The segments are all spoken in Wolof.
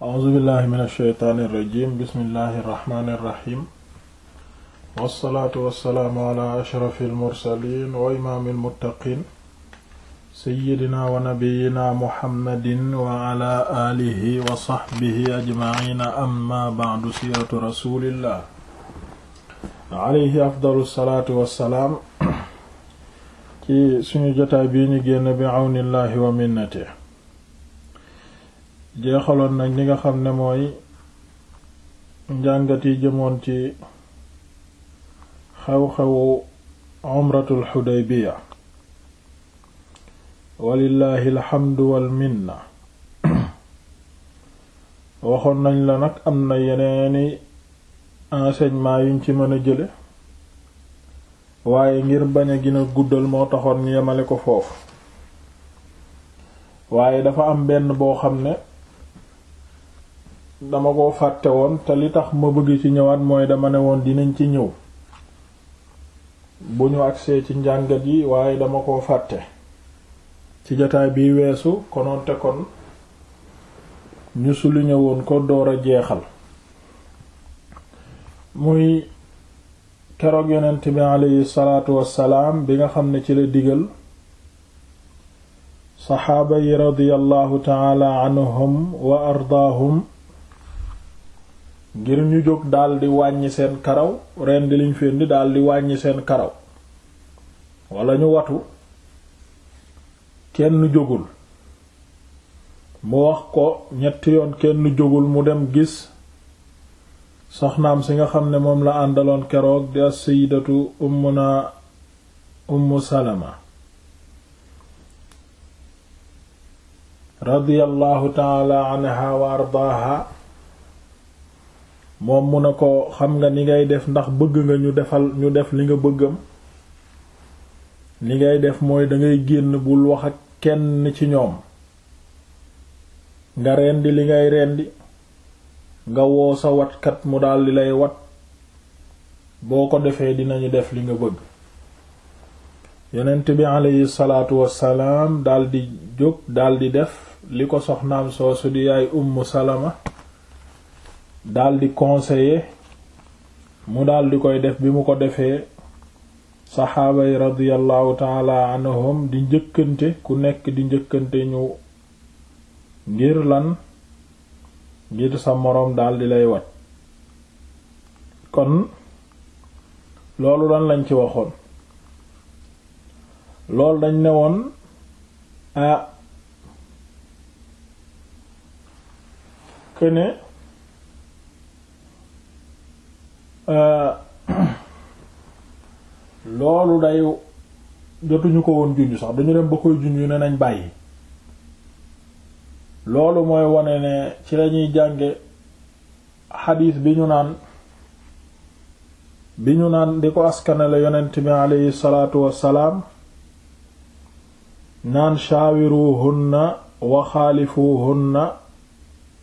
auzubillahi min alsheytaani irrajim bismillahi irrahmaani irrahim wassalaatu wassalaamu ala ashrafi almursalin wa imaami almuttaqin seyidina wa nabiyina muhammadin wa ala aalihi wa saxbihi ajmaciina amma bacdu siratu rasulillah alayhi afdalu salaatu wassalaam ci suñu jotaay bii ñu génn bi awnillahi wa minnati jeexaloon nag li nga xam ne mooy njàngat yi jëmoon ci xew-xewu umratul xudaybiya walillahi alxamdu walminna waxoon nañ la nag am na yeneeni enseignement yuñ ci mën a jële waaye ngir bañ a gën a guddal moo taxoon yemale ko foofu waaye dafa am benn boo xam ne dama ko fàtte woon te li tax ma bëgg ci ñëwaat mooy dama ne woon dinañ ci ñëw bu ñu agsee ci njàngat yi waaye dama ko fàtte ci jotaay bi weesu konoonte kon ñu souligné woon ko door a jeexal muy keroog yonent bi aleyhi wassalaam bi nga xam ne ci la diggal saxaaba yi radiyallahu taala anhum wa ardaahum ngir ñu jóg daldi wàññi seen karaw ren di liñ fendi daldi wàññi seen karaw walla ñu watu kenn jógul mu wax ko ñetti yoon kenn jógul mu dem gis soxnaam si nga xam ne moom la àndaloon keroog di as-sayyidatu ummuna ummu salama radiyallahu ta'ala anha wa ardaaha moom mu ne ko xam nga ni ngay def ndax bëgg nga ñu defal ñu def li nga bëggam li ngay def mooy dangay génn bul wax ak kenn ci ñoom nga rendi li ngay rendi nga woo sa watkat mu daldi lay wat boo ko defee dinañu def li nga bëgg yonent bi aleyhi salaatu wassalaam daldi jóg daldi def li ko soxnaam soosu di yaay Ummu Salama daldi conseiller mu daldi koy def bi mu ko defee saxaaba yi radiyallahu taala anhum di njëkkante ku nekk di njëkkante ñu ngir lan ngir sa moroom daldi lay wat kon loolu lan lañ ci waxoon loolu dañ ne woon a ah, këne Euh, loolu day jotuñu ko woon junj sax dañu dem ba koy junj ne nañ bàyyi loolu mooy wone ne ci lañuy jànge xadiis bi ñu naan bi ñu naan di ko askanale yonent bi aleyhi salaatu wassalaam naan shaawiruhunna wa xaalifuhunna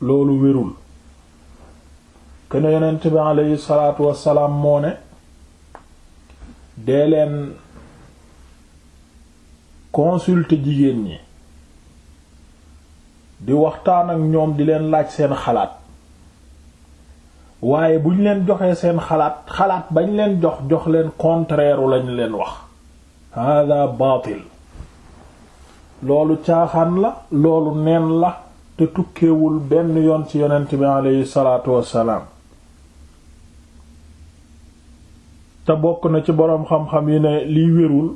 loolu wérul kën yonent bi aleyhi salaatu wassalaam moo ne dee leen consulter jigéen ñi di waxtaan ak ñoom di leen laaj seen xalaat waaye bu leen joxee seen xalaat xalaat bañ leen jox jox leen contraire lañ leen wax hada baatil loolu caaxaan la loolu neen la te tukkewul benn yoon ci yonent bi aleyhi salaatu wassalaam te bokk na ci boroom xam-xam yi ne liy wérul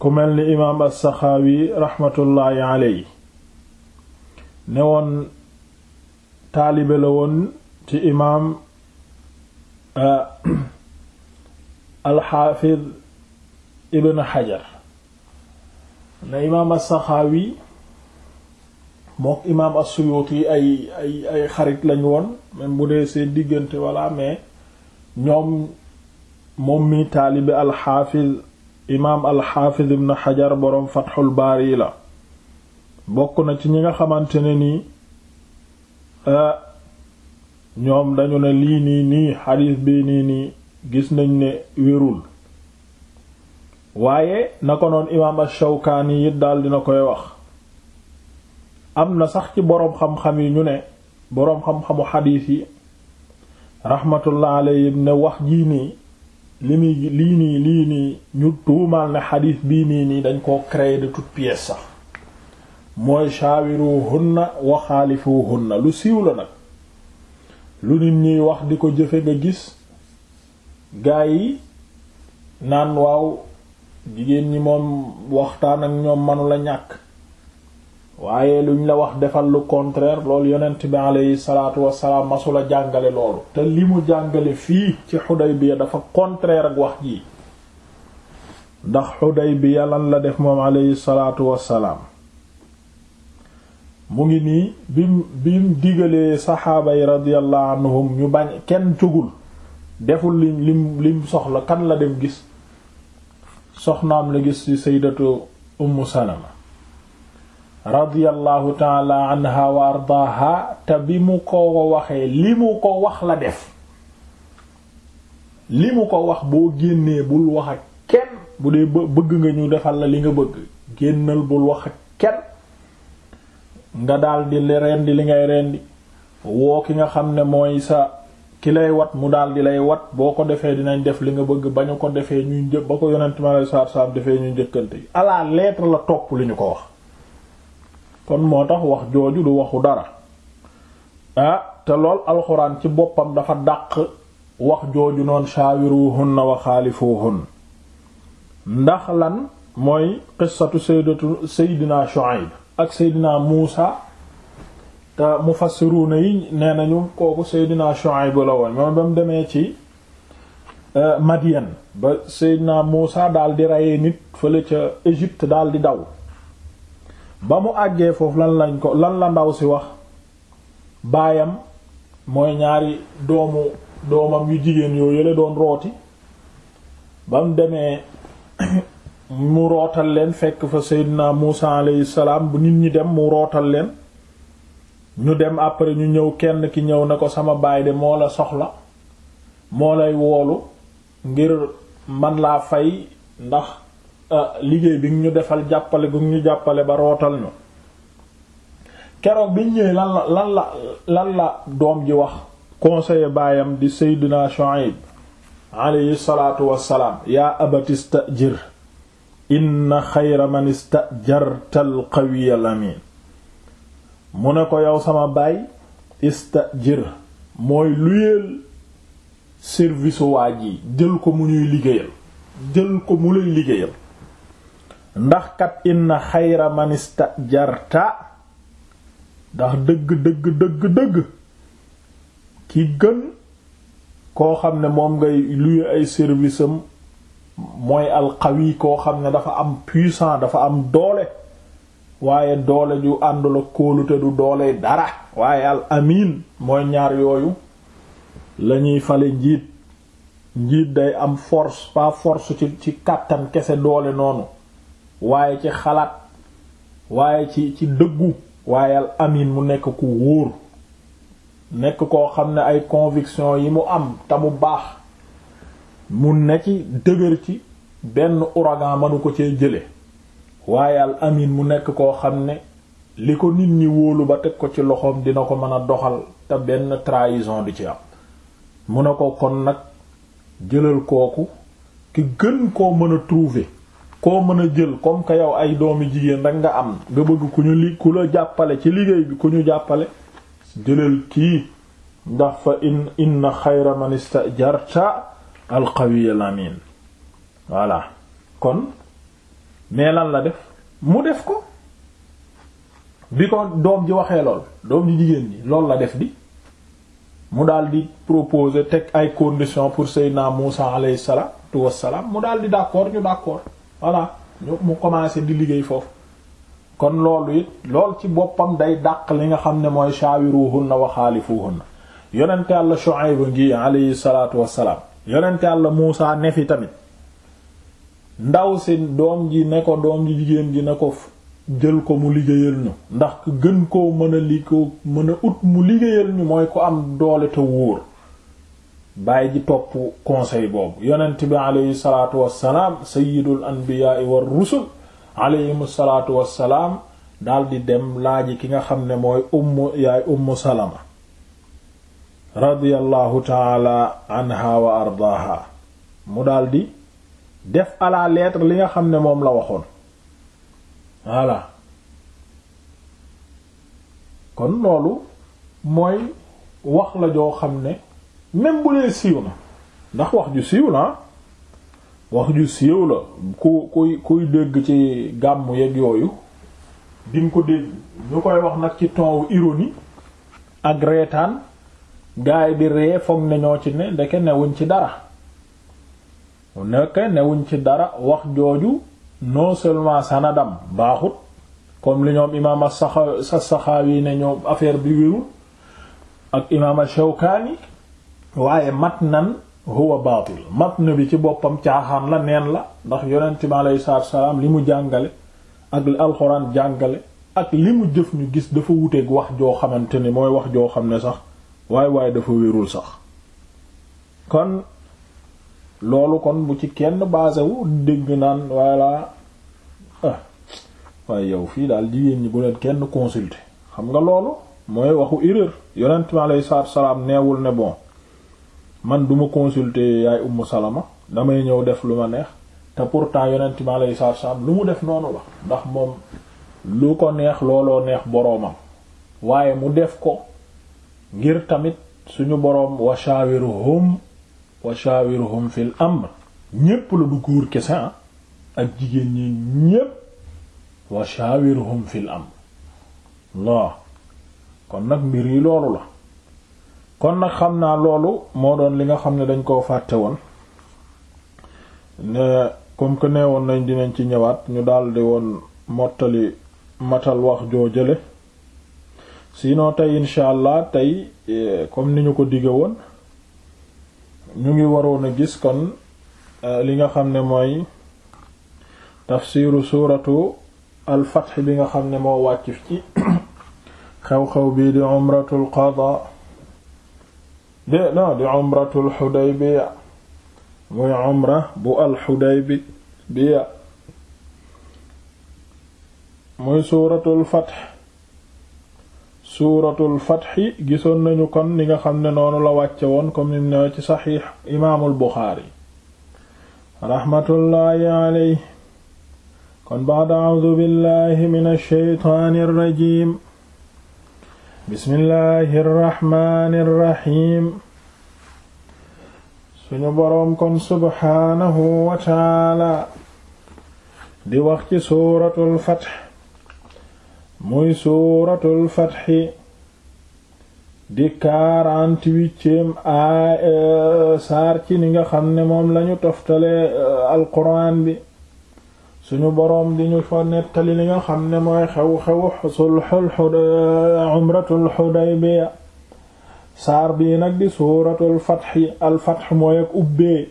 ku mel ni imaam as-Saxaawi raxmatullaahi aley ne woon taalibe la woon ci imaam eh, alxaafid ibn xajar ne imaam as-Saxaawi mook imaam as-Suyuuti ay ay ay xarit lañu woon même bu dee see diggante walla mais ñoom moom mi taalibi alxaafiz imaam alxaafiz ibn xajar boroom fatxul yi la bokk na ci ñi nga xamante ne nii ah, ñoom dañu ne lii nii nii xadiis bi nii nii gis nañ ne wérul waaye na ko noon imaam ash-Shawkaani it daal dina koy wax am na sax ci boroom xam-xam yi ñu ne boroom xam-xamu xadiis yi raxmatullah alayhi ne wax jii nii li muy lii nii lii nii ñu tuumaal ne xadiis bii nii nii dañ koo créer de toutes sax mooy shaawiruhunna wa xaalifuhunna lu siiw la nag lu nit ñiy wax di ko jëfe nga gis gaa yi naan waaw jigéen ñi moom waxtaan ak ñoom manu ñàkk waaye luñ la wax defal lu contraire loolu yonent bi aleyhi salaatu wasalaam masula jàngale loolu te li mu jàngale fii ci Xudaybiya dafa contraire ak wax ji ndax bi lan la def moom aleyhi salaatu wasalaam mu ngi nii bim bim digalee saxaaba yi radiyallahu anhum ñu bañ kenn jógul deful lim lim lim soxla kan la dem gis soxnaam la gis ci sayyidatu Ummu Salama radiyallahu taala anha wa ardaaha te bi mu ko waxee li mu ko wax la def li mu ko wax boo génnee bul wax ak kenn bu dee bëgg nga ñu defal la li nga bëgg génnal bul wax ak kenn nga daldi li rendi li ngay rendi woo ki nga xam ne mooy sa ki lay wat mu daal di lay wat boo ko defee dinañ def li nga bëgg ba ñu ko defee ñuy jë ba ko yonent ma lay saar saar defee ñuy njëkkante yi à la la topp li ñu ko wax kon moo tax wax jooju du waxu dara ah te lool alxuraan ci boppam dafa dàq wax jooju noonu shaawiruhunna wa xaalifuhunna ndax lan mooy qissatu sayyidatu sayyidina Shu'ayb ak sayyidina Muusa te mufassiruna yi nee nañu kooku sayyidina Shu'ayb la woon moom ba mu demee ci eh, Madian ba sayyidina Muusa daal di reyee nit fële ca Égypte daal di daw ba mu àggee foofu lan lañ ko lan la ndaw si wax baayam mooy ñaari doomu doomam yu jigéen yoo yële doon rooti ba mu demee mu rootal leen fekk fa Seydina Muusa alayhi salaam bu nit ñi dem mu rootal leen ñu dem après ñu ñëw kenn ki ñëw na ko sama baay de moo la soxla moo lay woolu ngir man laa fay ndax Ah, liggéey bi ñu defal jàppale bi ñu jàppale ba rootal ñu keroog biñ ñëwee lan la lan doom ji wax conseiller baayam di Seydina Shuaib alayhi salaatu wassalaam yaa abati istajir inna xayra man istajarta alqawiya lamin mu ne ko yow sama baay istajir mooy luyeel service waa ji jël ko mu ñuy liggéeyal jël ko mu lay liggéeyal ndax kat inna xayra man istajarta ndax dëgg dëgg dëgg dëgg ki gën koo xam ne moom ngay luye ay service mooy alxawi koo xam ne dafa am puissant dafa am doole waaye doole ju àndul ak kóolute du doole dara waaye al amin mooy ñaar yooyu lañuy fale njiit njiit day am force pas force ci ci kàttan kese doole noonu waaye ci xalaat waaye ci ci dëggu waaye al mu nekk ku wóor nekk koo xam ne ay conviction yi mu am te mu baax mu ne ci dëgër ci benn ouragan mënu ko cee jële waaye al mu nekk koo xam ne li ko nit ñi wóolu ba teg ko ci loxoom dina ko mën a doxal te benn trahison du ci am mu ne ko kon nag jëlal kooku ki gën koo mën a trouver koo mën a jël comme que yow ay doomi jigéen rek nga am nga bëgg ku ñu li ku la jàppale ci liggéey bi ku ñu jàppale jëlal kii ndax fa in inna xayra man istajarta alqawiyul amin voilà kon mais lan la def mu def ko bi ko doom ji waxee lool doom ji jigéen ji lool la def bi mu daal di proposer teg ay conditions pour Seydina Muusa alayhi salaatu wassalaam mu daal di d'accord ñu d'accord voilà mu commencé di liggéey foofu kon loolu it lool ci boppam day dàq li nga xam ne mooy shaawiruhunna wa xaalifuhunna yonent yàlla Shuayb ngi alayhi salaatu wassalaam yonent yàlla Muusaa ne fi tamit ndaw si doom ji ne ko doom ji jigéen ji ne ko jël ko mu liggéeyal ñu ndax gën koo mën a li ko mën a ut mu liggéeyal ñu mooy ko am doole te wóor bàyyi ji topp conseil boobu yonent bi aleyhi salaatu wassalaam sayyidul anbiyaa war rusul aleyhim salaatu wassalaam daldi dem laaj ki nga xam ne mooy ummu yaay ummu salama radiyallahu taala anha wa ardaaha mu daldi def à la li nga xam ne moom la waxoon voilà kon loolu mooy wax la joo xam ne même bu dee siiw na ndax wax ju siiw la wax ju siiw la ku kuy kuy dégg ci gàmm yeeg yooyu di ko dégg ñu koy wax nag ci ton ironie ak reetaan gaay bi ree foog ne ñoo ci ne ndeke newuñ ci dara ndeke newuñ ci dara wax jooju non seulement sanadam baaxut comme li ñoom imaam as-Saxaawi ne ñoom affaire bi wérul ak imaam ash waaye mat matnan huwa baatil matn bi ci boppam caaxaan la neen la ndax yonent bi aleyhi li mu jàngale ak li alxuraan jàngale ak li mu jëf ñu gis dafa wuteeg wax joo xamante ni mooy wax joo xam ne sax waaye waaye dafa wérul sax kon loolu kon bu ci kenn basé wu dégg naan voilà ah waaye yow fii daal jigéen ñi bu leen kenn consulter xam nga loolu mooy waxu erreur yonent bi aleyhi salaatu salaam neewul ne bon man duma consulter yaay ummu salama damay ñëw def lu ma neex te pourtant yonent mi alayhi salaatu lu mu def noonu la ndax moom lu ko neex looloo neex boroomam waaye mu def ko ngir tamit suñu boroom wa shawiruhum wa shawiruhum fil am ñépp la du góor kese ah, ak jigéen ñi ñépp wa shawiruhum fil amr laa kon nag mbir yi loolu la kon nag xam naa loolu moo doon li nga xam ne dañ koo fàtte woon ne comme que nee woon nañ dinañ ci ñëwaat ñu daldi woon mottali matal wax joo jële sinon tey incha allah tey e, comme ni ñu ko digge woon ñu ngi waroon a gis kon e, li nga xam ne mooy tafsiru suuratu al fath bi nga xam ne moo wàcc ci xew-xew bii di umratul qada di non di muy umra bu al Hudaybiya muy suuratul Fath suuratul Fath gisoon nañu kon ni nga xam ne noonu la wàcce woon comme nim ne ci saxiix imaamul Buxaari raxmatullaahi alayhi kon ba'da a'uuzu billaahi minash shaytaanir rajiim bismillahi irraxmani irraxim suñu borom kon subxaanahu wa taala di wax ci suuratul fatx muy suuratul fatxi di quarante-huitième aaya saar ci ni nga xam ne moom lañu toftale euh, alquraan bi suñu boroom di ñu fa nettali li nga xam ne mooy xew-xew sulxul umratul xudaybiya saar bii nag di suuratul fatxi al mooy ak ubbee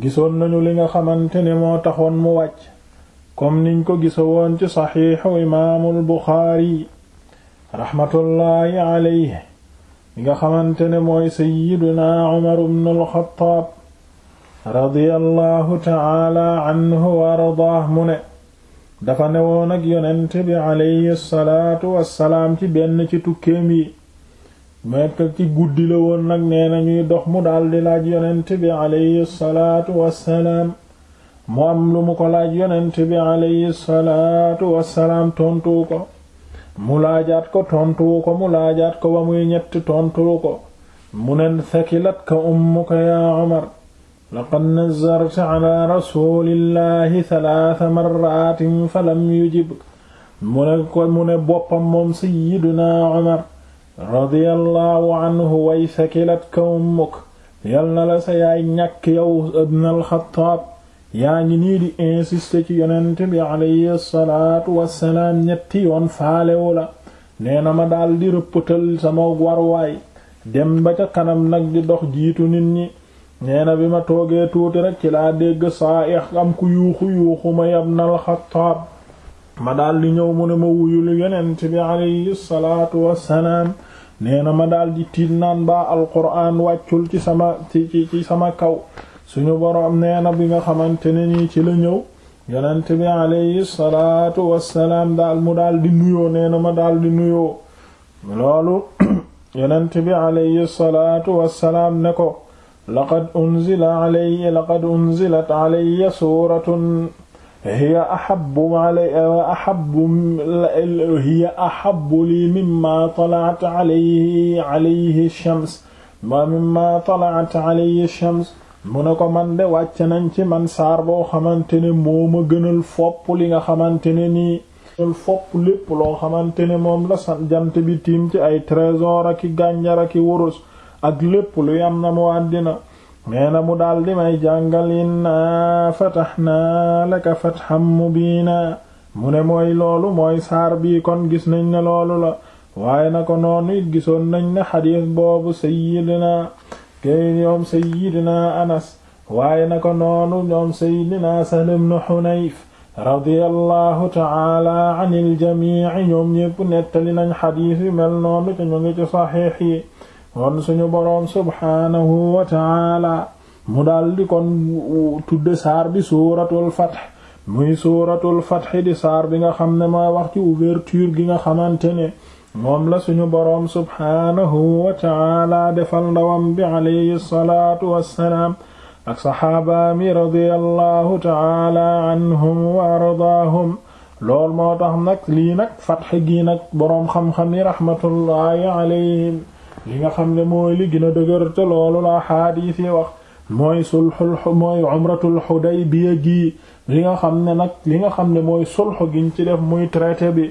gisoon nañu li nga xamante ne moo taxoon mu wàcc comme niñ ko gisa woon ci saxiixu imaamul buxaari raxmatullaahi alayhi li nga xamante ne mooy sayyiduna umar ibn xattaab radiyallahu taala anhu wa ardaah mu ne dafa newoon ak yonent bi alayhi salaatu wassalaam ci benn ci tukkeem yi mekk ci guddi la woon nag nee na ñuy dox mu daldi laaj yonent bi alayhi salaatu wassalaam mu am lu mu ko laaj yonent bi alayhi salaatu salaam tontuwu ko mu laajaat ko tontuwu ko mu laajaat ko ba muy ñett tontu ko mu neen sakilat ka ummuka yaa Umar laqad nazarta ala rasulillahi talaata marratin falam yujibka mu ne ko mu ne boppam moom sayyiduna Umar radiyallahu anhu way sakilat kawmuk yal na la sa yaay ñàkk yow ibn al-Xattaab yaa ngi nii di insister ci yonent bi alayhi wassalaam ñetti yoon faalewu la na ma daal di rëppatal sama warwaay dem ba ca kanam nag di dox jiitu nit ñi nee bi ma toogee tuuti rek ci laa dégg saaix am ku yuuxu yuuxu ma ibn al-Xattaab ma daldi ñëw mu ne ma wuyul yonent bi alayhi salaatu wassalaam nee na ma daldi tiit naan baa alquraan wàccul ci sama ci ci sama kaw suñu boroom nee na bi nga xamante ne nii ci la ñëw yonent bi alayhi salaatu wassalaam daal mu daldi nuyoo nee ma ma di nuyoo loolu yonent bi alayhi salaatu wassalaam ne ko laqad unzila alayya laqad unzilat alayya suuratun hiya ahabbu alayya ahabbu hiya ahabbu lii mimmaa tala'at alayhi alayhi shams wa mimmaa tala'at alayhi shams mu ne ko man de wàcc nañ ci man saar boo xamante ne moo ma gënal fopp li nga xamante ne nii gënal fopp lépp loo xamante ne moom la sant jant bi tiim ci ay trésor ak i gànjar ak i wurus ak lépp lu yam na mu àddina nee na mu daldi may jàngal inna fatahnaa laka fathan mubiina mu ne mooy loolu mooy saar bi kon gis nañ ne loolu la waaye na ko noonu it gisoon nañ ne xadiis boobu sayyidina kay ñoom sayyidina anas waaye na ko noonu ñoom sayyidina sahl ibn hunayf radiyallahu ta'ala anil jamii ñoom ñépp nettali nañ xadiis yu mel noonu te ñu ngi kon suñu boroom subhaanahu wa taala mu daldi kon tudde saar bi suuratul fath muy suuratul fath di saar bi nga xam ne ma wax ouverture gi nga xamante ne moom la suñu boroom subhaanahu wa taala defal ndawam bi alayhi salaatu wassalaam ak saxaabaami radiyallahu taala anhum wa ardaahum lool moo tax nag lii nag fatx gi nag boroom xam li nga xam ne mooy li gën a loolu la xaadis yi wax mooy sulxul mooy umratul Xudaybiya gi li nga xam ne nag li nga xam ne mooy sulx giñ ci def muy traité bi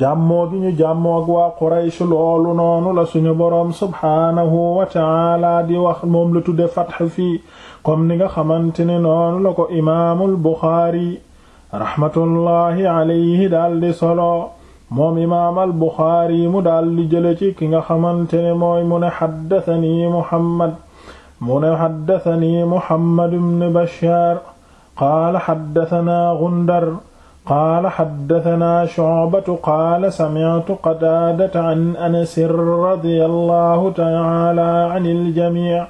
jàmmoo gi ñu jàmmoo ak waa Quraysh loolu noonu la suñu boroom subhaanahu wa taala di wax moom la tudde fatx fii comme ni nga xamante ne noonu la ko imaamul Buxaari rahmatullahi alayhi daldi solo moom imaam al buxaari mu daal di jële ci ki nga xamante ne mooy mu ne xaddatani muhammad mu ne xaddatani muhammad ibn bashaar qaala xaddatanaa gundar qaala xaddatanaa shucbatu qaala samictu qataadata an anasin radiyallahu tacaala can iljamic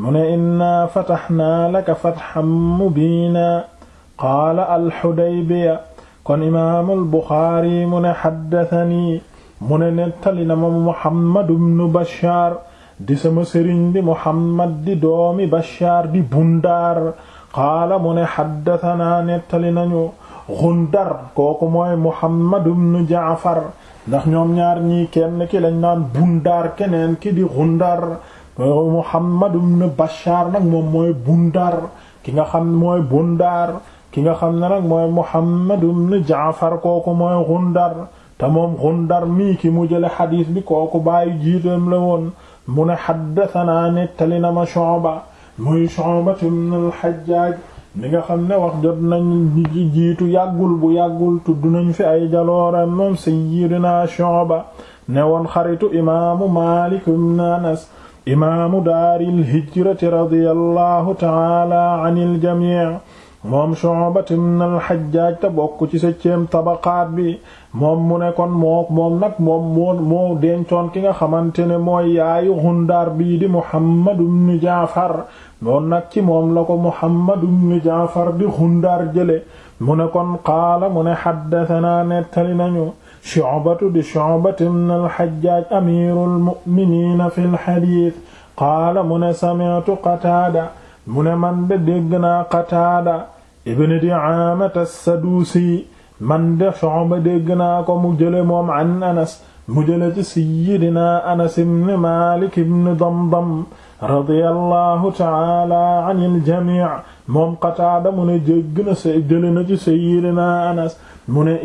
mu ne innaa fataxnaa laka fatxan mubiina qaala alxudaybiya kon imaamul Buxaari mu ne xaddatani mu ne nettali na ma Muhammad ibnu Bashaar di sama sëriñ di Muhammad di doomi Bashaar di Bundaar qaala mu ne xaddatanaa nettali nañu Gundar kooku mooy Muhammad ibnu Jaafar ndax ñoom ñaar ñii kenn ki lañ naan Bundaar keneen ki di Gundar Muhammad ibnu Bashaar nag moom mooy Bundaar ki nga xam mooy Bundaar ki nga xam ne nag mooy Muhammad ibn Jaafar kooku mooy Gundar te moom Gundar mii ki mu jële xadiis bi kooku bàyyi jiitam la woon mu ne xaddatanaa nettali na ma Shu'ba muy Shu'ba ibn al-Hajjaj mi nga xam ne wax jot nañ jiitu yàggul bu yàggul tudd nañ fi ay jaloora moom sayyidina Shu'ba ne woon xaritu imaamu Maalik ibn Anas imaamu daaril hijrati radiyallahu ta'ala anil jamii moom Shu'ba ibn al-Hajjaj te bokk ci septième tabaqaat bi moom mu ne kon moom nag moom moo moo dencoon ki nga xamante ne mooy yaayu Ghundar bii di Muhammad ibn Jaafar noon nag ci moom la ko Muhammad ibn Jaafar di Ghundar jële mu ne kon qaala mu ne haddathanaa nettali nañu Shu'batu di Shu'ba ibn al-Hajjaj amirul mu'miniina fil hadiis qaala mu ne Qataada mune man de dégg naa Qataada ibn Di'aamata as-Saduusi man de Shu'ba dégg naa ko mu jële moom an Anas mu jële ci sayyidina Anas ibn Maalik ibn Damdam radiyallahu ta'ala anil jamii' moom Qataada mu ne jégg na se jële na ci sayyidina Anas mu ne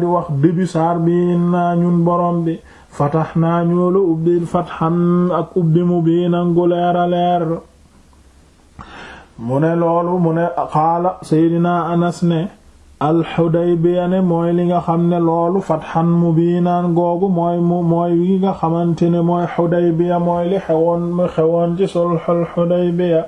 di wax début saar bi innaa ñun borom bi fatahnaa ñoolu ubbil fathan ak ubbi mubiinan gu leer a leer mu ne loolu mu ne xaala seydina anas ne alxudaybiya ne mooy li nga xam ne loolu fatxan mubiinaan googu mooy mu mooy li nga xamante ne mooy xudaybiya mooy li xewoon mu xewoon ci sulxul xudaybiya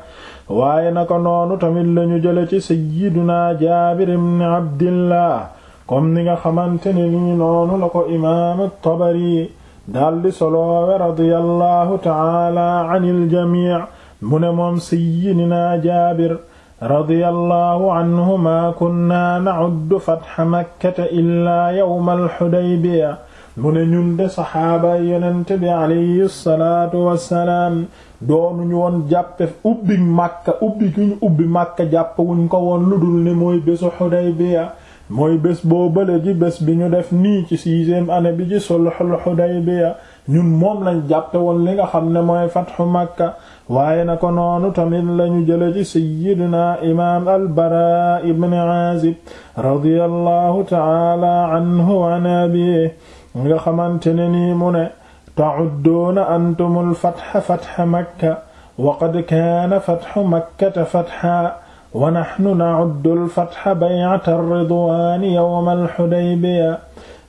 waaye naka noonu tamit lañu jële ci sayyiduna jaabir ibn abdillah comme ni nga xamante ne nii noonu la ko imaam tabari daldi soloowe radiyallahu taala anil jamii mune ne moom sayyidina jaabir radiyallahu anhu maa kunna na'uddu fatha makkata illaa yawmal hudaybiya mu ne ñun de saxaaba yonent bi alayhi salaatu wassalaam doonuñu woon jàppe ubbi màkka ubbi ku ñu ubbi màkka jàppe wuñ ko woon lu dul ne mooy bésu Xudaybiya mooy bés boo bële ji bés bi ñu def nii ci sixième bi ci sulhul Xudaybiya ñun moom lañ jàppe woon li nga xam ne mooy fatxu màkka waaye na ko noonu tamit lañu jële ci sayyidina imaam al-Baraa ibn Aazib radiyallahu ta'ala anhu wa nabi nga xamante ne nii mu ne ta'udduuna antumul fatha fatha makka wa qad kaana fathu makkata fatha wa nahnu na'uddul fatha bay'ata ar-ridwaani yawmal hudaybiya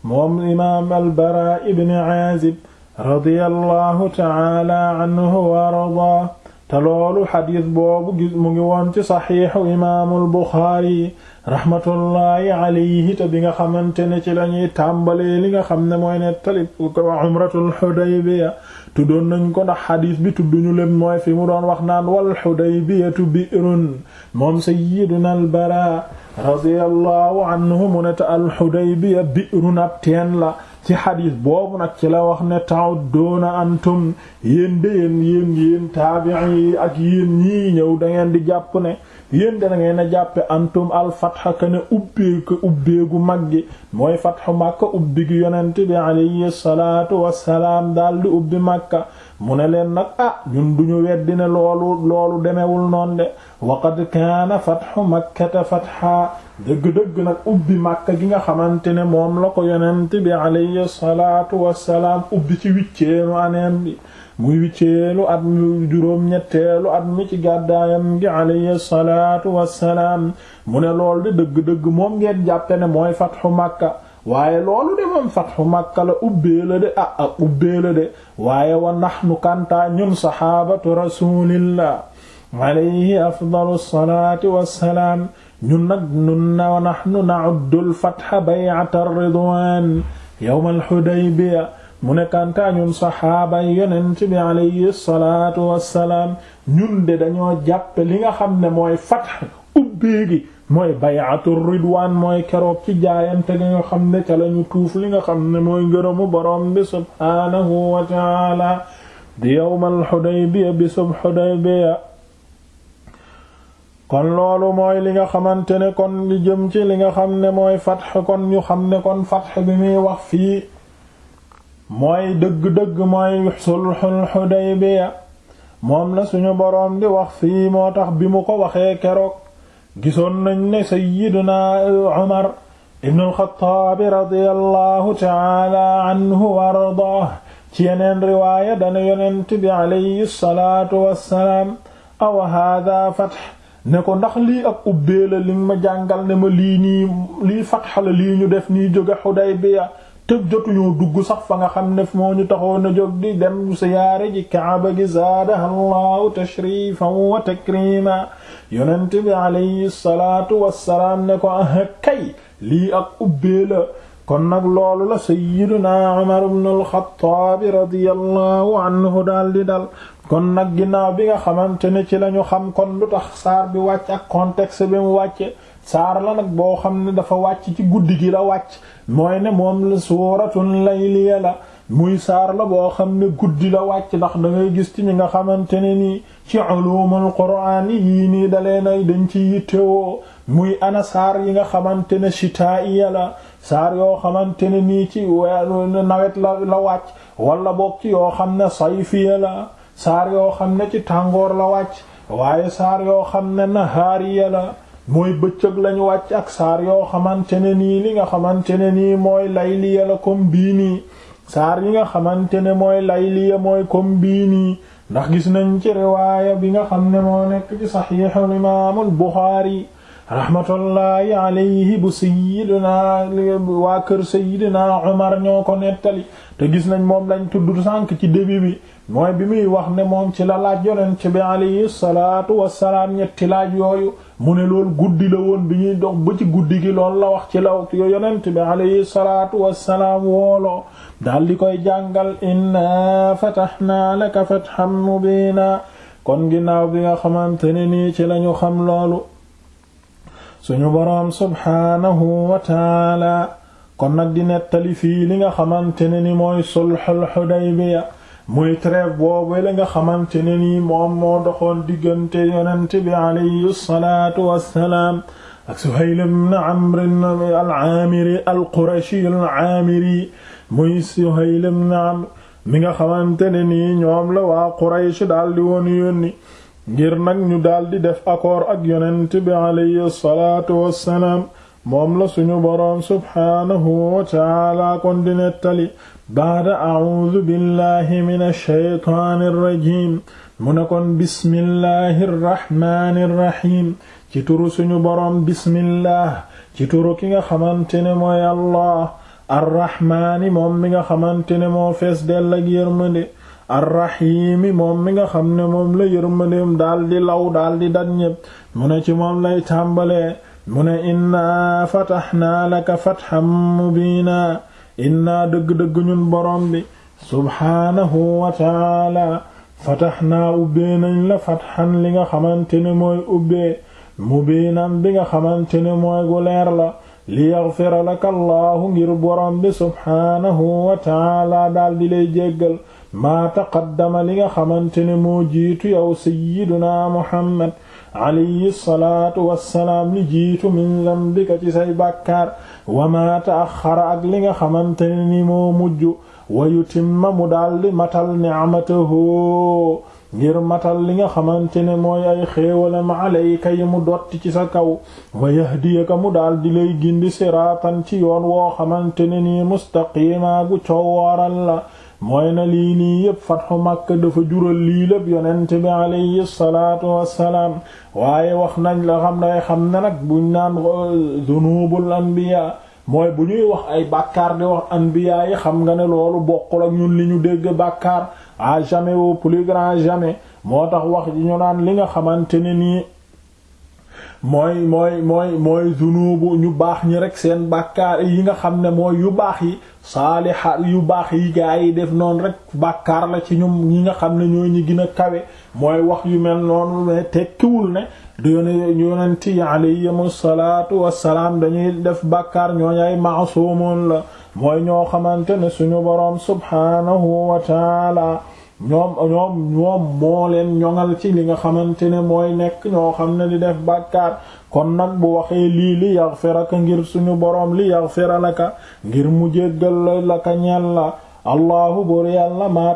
moom imaam al-Baraa ibn Aazib radiyallahu taala anhu wa te loolu xadiis boobu gis mu ngi woon ci saxiixu imaamul buxaari rahmatullahi alayhi te bi nga xamante ne ci lañuy tàmbalee li nga xam ne mooy nettali umratul xudaybiya tuddoon nañ ko ndax xadiis bi tudduñu lépp mooy fi mu doon wax naan wal xudaybiyatu bi'run moom sayyiduna al bara radiyallahu al xudaybiya bi'run ab la ci xadis boobu nag ci la wax ne ta'udduna antum yéen de yéen yéen yi ak yéen ñii ñëw da ngeen di jàpp ne yéen de da ngeen a jàppe antum al fatha ka ne ubbeegu mag mooy fathu Makka ubbi gi yonent bi salaatu wassalaam daal di ubbi Makka mu ne leen nag ah ñun duñu weddi ne loolu loolu demewul noon de waqad kaana fathu makkata fatha dëgg-dëgg nag ubbi màkka gi nga xamante ne moom la ko yonent bi alayhi salaatu wassalaam ubbi ci wicceelu aneem bi muy wicceelu at mi juróom-ñetteelu at ci gàddaayam gi alayhi salaatu wassalaam mu ne lool de dëgg-dëgg moom ngeen jàppe ne mooy fathu màkka waaye loolu de moom fatxu Makka la ubbee la de ah ah ubbee la de waaye wa nahnu kantaa ñun saxaabatu rasulillah alayhi afdalu salaati wassalaam ñun nag nun na wa nahnu na'uddul fatxa bay'ata ridwaan yawmal Hudaybiya mu ne kantaa ñun saxaaba yonent bi alayhi salaatu wassalaam ñun de dañoo jàppe li nga xam ne mooy fatx ubbee gi mooy bay'atu ridwaan mooy keroog ci jaayante gi xam ne ca lañu tuuf li nga xam ne mooy ngërëmu boroom bi subhaanahu wa ta'ala di yawmal Hudaybiya bisub Hudaybiya kon loolu mooy li nga xamante ne kon li jëm ci li nga xam ne mooy fatx kon ñu xam ne kon fatx bi muy wax fii mooy dëgg-dëgg mooy sulhul Hudaybiya moom la suñu borom di wax fii moo tax bi mu ko waxee keroog gisoon nañ ne sayyiduna Umar ibn al-Khattab radiyallahu ta'ala anhu wa ardaah ci yeneen riwaaya dana yonent bi alayhi salaatu wassalaam aw fath ne ko ndax li ab ubbee la li ma jàngal ne ma li nii lii fatx la lii ñu def nii jóge Xudaybiya te jotuñoo dugg sax fa nga xam ne moo ñu taxoon a jóg di dem siyaare ji Kaaba gi zaadahallahu tashrifan wa takrima yonent bi alayhi salaatu wassalaam ne ko ah kay lii ak ubbee la kon nag loolu la sayyiduna Umar ibn al-Khattab radiyallahu anhu daal di dal kon nag ginnaaw bi nga xamante ne ci lañu xam kon lu tax saar bi wàcc ak contexte bi mu wàcce saar la nag boo xam ne dafa wàcc ci guddi gi la wàcc mooy ne moom la suuratul layliya la muy saar la boo xam ne guddi la wàcc ndax da ngay gis ci ñi nga xamante nii ci ulumul qur'aan yii nii dalee nay dañ ci yittewoo muy ana saar yi nga xamante ne shitaa'iya la saar yoo xamante ne nii ci nawet la la wàcc walla bokk yoo xam ne sayfiya la saar yoo xam ne ci tàngoor la wàcc waaye saar yoo xam ne nahaariya la mooy bëccëg lañu wàcc ak saar yoo xamante ne nii li nga xamante ne nii mooy layliya la comme bii nii saar yi nga xamante ne mooy layliya mooy comme bii nii ndax gis nañ ci riwaaya bi nga xam ne moo nekk ci saxiixul imaamul Buxaari rahmatullahi alayhi bu sayidina waa kër sayidina Umar ñoo ko nettali te gis nañ moom lañ tudd sànk ci début bi mooy bi muy wax ne moom ci la laaj yonent bi alayhi salaatu wassalaam ñetti laaj yooyu mu ne lool guddi la woon bi ñuy dox ba ci guddi gi lool la wax ci la yonent bi alayhi salaatu salaam woolo daal di koy jàngal inna fatahnaa laka fathan mubiina kon ginnaaw bi nga xamante ne nii ci lañu xam loolu suñu boroom subhaanahu wa taala kon nag di nettali fii li nga xamante ne ni mooy sulhul Hudaybiya muy trêve boobu la nga xamante ne nii moom moo doxoon diggante yonent bi alayhi salaatu wassalaam ak Suhayl ibn Amr al-Aamiri al-Qurashi al-Aamiri muy Suhayl ibn Amr mi nga xamante ne nii ñoom la waa Quraysh daldi woon yónni ngir nag ñu daldi def accord ak yonent bi alayhi suñu boroom subhaanahu wa taala kon baada audu billahi min alsheytaani ci turu suñu boroom bismillah ci turu ki nga xamante ne mooy Allah arraxmaani moom mi nga xamante ne moo fees dell ak yërmande arraxiimi moom mi nga xam ne moom la yërmandeem daal law daal di mu ne ci moom lay tàmbale mu ne innaa fataxnaa laka fatxan mubiina innaa dëgg-dëgg ñun boroom bi subxaanahu wa taala fataxnaa ubbee nañ la fatxan li nga xamante ne mooy ubbee mubiinan bi nga xamante ne mooy gu leer la li yaxfira laka allahu ngir borom bi subhaanahu wa taala daal di lay jéggal maa taqaddama li nga xamante ne moo jiitu yow sayyiduna muhammad alayhi salaatu wassalaam li jiitu min dambika ci say bàkkaar wa maa taaxara ak li nga xamante ne ni moo mujj wa yutimma mu daal di matal ni'matahu ngir matal li nga xamante ne mooy ay xéewalam alayka yi mu dotti ci sa kaw wa yahdiyaka mu daal di lay gindi siraatan ci yoon woo xamante ne nii mustaqimaa gu coowooral la mooy na lii nii yépp fatxu Makka dafa jural lii lépp yonent bi alayhi salaatu wassalaam waaye wax nañ la xam day xam ne nag buñ naan uh, dunubul anbiya mooy bu ñuy wax ay bàkkaar di wax anbiya yi xam nga ne loolu bokkul ak ñun li ñu dégg bàkkaar à jamais au plus grand moo tax wax ji ñu naan li nga xamante ne nii mooy mooy mooy mooy zunubu ñu baax ñi rek seen bàkkaar yi nga xam ne mooy yu baax yi saaliha yu baax yi gaa yi def noonu rek bàkkaar la ci ñoom ñi nga xam ne ñoo ñu gina a kawe mooy wax yu mel noonu mais tekkiwul ne du yonent yi alayhimu salaatu wassalaam dañuy def bàkkaar ñooñu ay maasumoon la mooy ñoo xamante ne suñu boroom subhaanahu wa taala ñoom ñoom moo leen ñoŋal ci li nga xamante ne mooy nekk ñoo xam ne di def bàkkaar kon nag bu waxee lii li yaxfiraka ngir suñu boroom li yaxfira laka ngir mu jéggal laka ñeel la allahu bur yàlla maa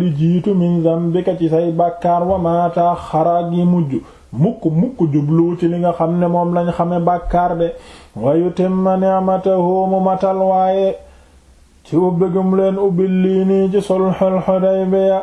li jiitu min dambika ci say bàkkaar wa maa taaxara yi mujj mukk mukk jubluu li nga xam ne moom lañu xame bàkkaar de wa yutimma ni'matahu mu matal waaye ci ubbigum leen ubbil lii nii ci sulxul xudaybiya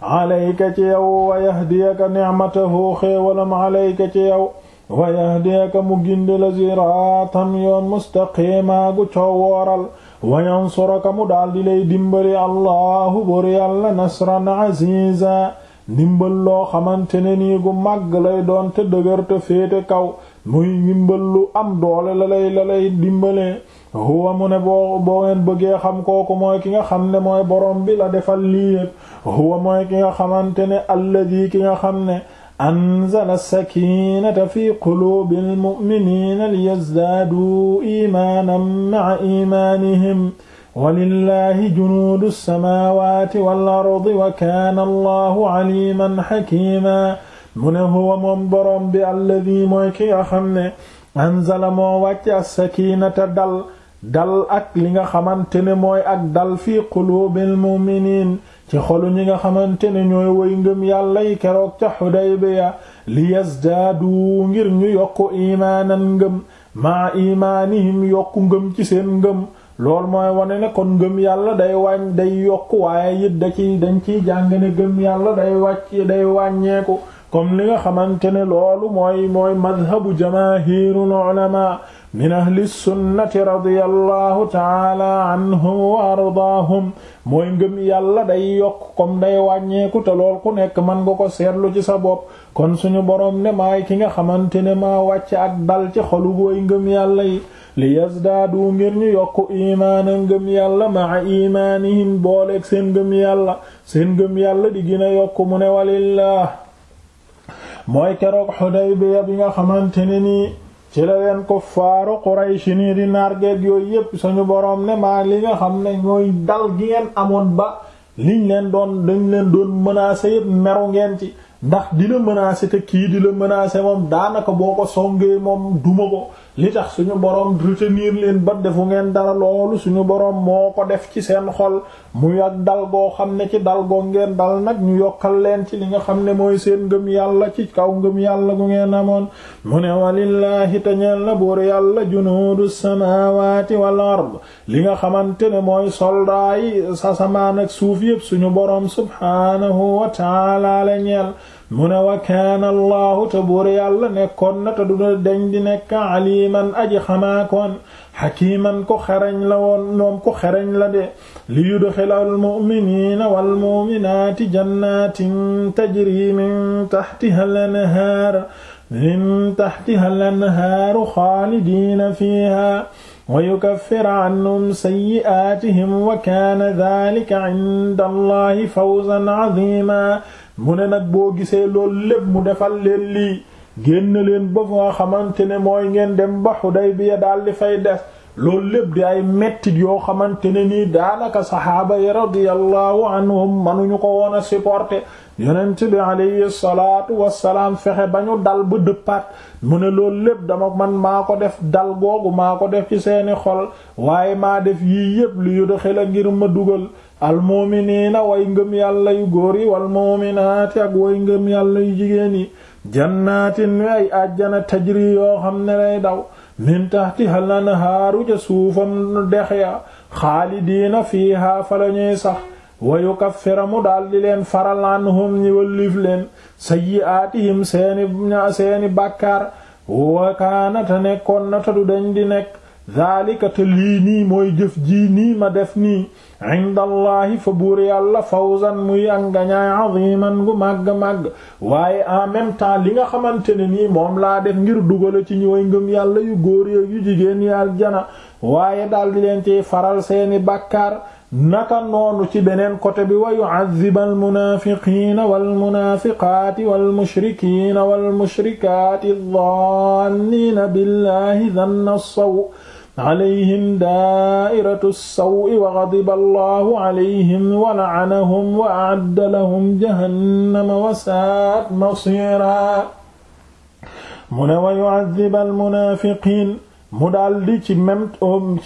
alayka ci yow wa yahdiyaka ni'matahu xéewalam alayka ci yow wa yahdiyaka mu gindi la ziraatan yoon mustaqiima gu coowooral wa yansuraka mu daldi lay dimbali allahu bur yàlla nasran aziza dimbal loo xamante ne nii gu màgg lay doon te dëgër te féete kaw muy ndimbal lu am doole la lay la lay dimbalee huwa mu ne boo boo ngeen bëggee xam kooku mooy ki nga xam ne mooy borom bi la defal lii yépp huwa mooy ki nga xamante ne alladi ki nga xam ne anzala sakinata fi qulubil mu'minina liyazdaadu imaanan ma'a imaanihim walillahi junuudu samaawaati wal ardi wa kaana allahu aliman hakiima mu ne huwa borom boroom bi alladi mooy ki nga xam ne anzala moo wàcce as-sakiinata dal dal ak li nga xamante ne mooy ak dal fii quluubil mu'miniin ci xolu ñi nga xamante ne ñooy woy ngëm yàlla yi keroog ca Xudaybiya li yazdaadu ngir ñu yokk imaanan ngëm maa imaanihim yokk ngëm ci seen ngëm loolu mooy wane ne kon ngëm yàlla day wàññ day yokku waaye it da ciy dañ ciy jàng ne ngëm yàlla day wàcc day wàññeeku comme li nga xamante ne loolu mooy mooy madhabu jamaahirul ulama min ahli sunnati radiyallahu taala anhum wa ardaahum mooy ngëm yàlla day yokk comme day wàññeeku te lool ku nekk man nga ko seetlu ci sa bopp kon suñu boroom ne maay ki nga xamante ne maa wàcce ak dal ci xolu booy ngëm yàlla yi li yazdaadu ngir ñu yokku imaana ngëm yàlla maa imaanihim booleeg seen ngëm yàlla seen ngëm yàlla di gën a yokk mu ne walillah mooy keroog Xudaybiya bi nga xamante ne nii ci la leen kuffaaru Qurayshi nii di nargeeg yooyu yépp suñu boroom ne maa li nga xam ne ñooy dal gi ngeen amoon ba liñ leen doon dañ leen doon menacer yépp meru ngeen ci ndax di la menacer te kii di la menacer moom daanaka boo ko songee moom duma ko li tax suñu boroom retenir leen ba defu ngeen dara loolu suñu boroom moo ko def ci seen xol muy ak dal goo xam ne ci dal goo ngeen dal nag ñu yokkal leen ci li nga xam ne mooy seen ngëm yàlla ci kaw ngëm yàlla gu ngeen amoon mu ne walillahi tañeel na buur yàlla junuudu samawati wal ard li nga xamante ne mooy soldaay sasamaan ak suuf yépp suñu boroom subhaanahu wa taala la ñeel mu ne wa kaana allahu te buur yàlla nekkoon na te du na deñ di nekk aliman aji xamaakoon xakiman ko xereñ la woon moom ko xereñ la de li yudxila almuminina walmuminaati jannatin tajri min taxtiha al anhaar min taxtiha al anhaaru xaalidiina fiiha wa yukaffiru anhum sayyi'aatihim wa kaana daalika inda allahi fawzan aziima mu ne nag boo gisee loolu lépp mu defal leen lii génn leen ba nga xamante ne mooy ngeen dem ba Xudaybiya daal di fay des loolu lépp di ay mettit yoo xamante ne nii daanaka saxaaba yi radiyallahu anhum manuñu ko woon a supporter yonent bi alayhi salaatu wassalaam fexe ba ñu dal ba dëppaat mu ne loolu lépp dama man maa ko def dal googu maa ko def ci seeni xol waaye maa def yii yépp li yu doxee la ngir ma dugal almu'miniina way ngëm yàlla yu góor yi wal mu'minaati ak way ngëm yàlla yu jigéen yi jannaatin wi ay àjjana tajri yoo xam ne lay daw min tahtiha al-anhaaru ja suufam dex ya xaalidiina fiihaa fa lañuy sax wa yukaffira mu daldi leen faral anhum ñi wallif leen sayyi'aatihim seeni seeni bàkkaar wa kaana te nekkoon na te du dañ di nekk daalika te lii nii mooy jëf jii nii ma def nii inda allahi fa buur yàlla fawzan muy ak ngañaay aziman gu màgg-màgg waaye en même temps li nga xamante ne nii moom laa def ngir dugale ci ñooy ngëm yàlla yu góor yu jigéen yi aljana waaye daal di leen ci faral seeni bàkkaar naka noonu ci beneen côté bi wa yu'adhibu al-munaafiqiina wal-munaafiqaati wal-mushrikiina wal-mushrikaati adh-dhanniina billaahi dhanna as-saw' alayhim daairatu sawi wa gadiba allahu alayhim wa la'anahum wa a'adda lahum jahannama wa sa'at masira mu ne wa yu'adhiba almunaafiqiin mu daldi ci même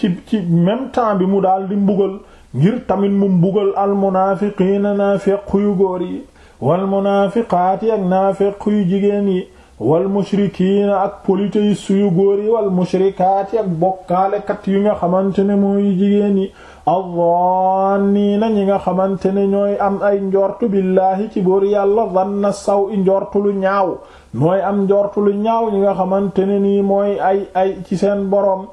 ci ci même temps bi mu daldi mbugal ngir tamit mu mbugal almunaafiqiina naafiq yu góor yi wal munaafiqaati ak naafiq yu jigéen yi wal mushrikiina ak polythéistes yu góor yi wal mushrikaati ak bokkaalekat yu nga xamante ne mooy jigéen yi adhanniina ñi nga xamante ne ñooy am ay njortu billaahi ci buur yàlla dhanna saw i njortu lu ñaaw mooy am njortu lu ñaaw ñi nga xamante ne nii mooy ay ay ci seen boroom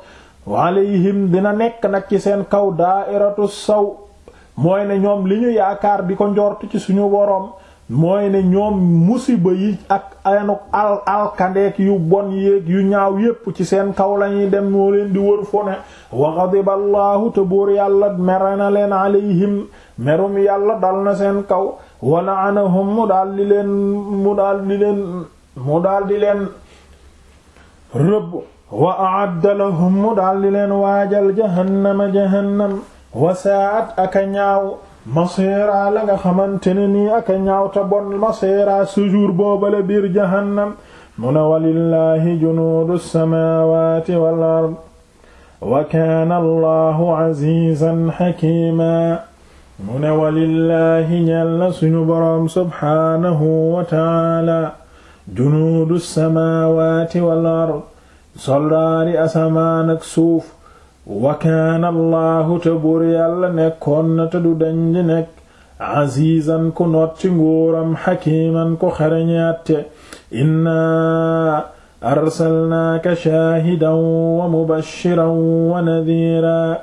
waalayhim dina nekk nag ci seen kaw daa'iratu saw mooy ne ñoom li ñu yaakaar di ko njort ci suñu boroom mooy ne ñoom musiba yi ak anuk al alkandeek yu bon yéeg yu ñaaw yépp ci seen kaw lañuy dem moo leen di wër fone wa ghadiba allahu yàlla mere na leen alayhim merum yàlla dal na seen kaw wa la'anahum mu daal di leen mu daal di leen mu leen rëbb wa a'adda lahum mu leen waajal jahannama jahannam wa sa'at aka ñaaw masiira la nga xamante ne nii ak a ñaawta bon masiira sujuur boobale biir jahannam mu ne walillaahi junuudu samaawaati wal ard wa kaana allahu azizan xakima mu ne walillaahi ñel na suñu boroom subhaanahu wa taala junuudu samaawaati wal ard soldaari asamaan ak suuf wa kaana allahu te buur yàlla nekkoon na te du dañ di nekk azizan ku noot ci nguuram xakiman ku xereñatte inna arsalnaaka shaahidan wa mubashiran wa nadira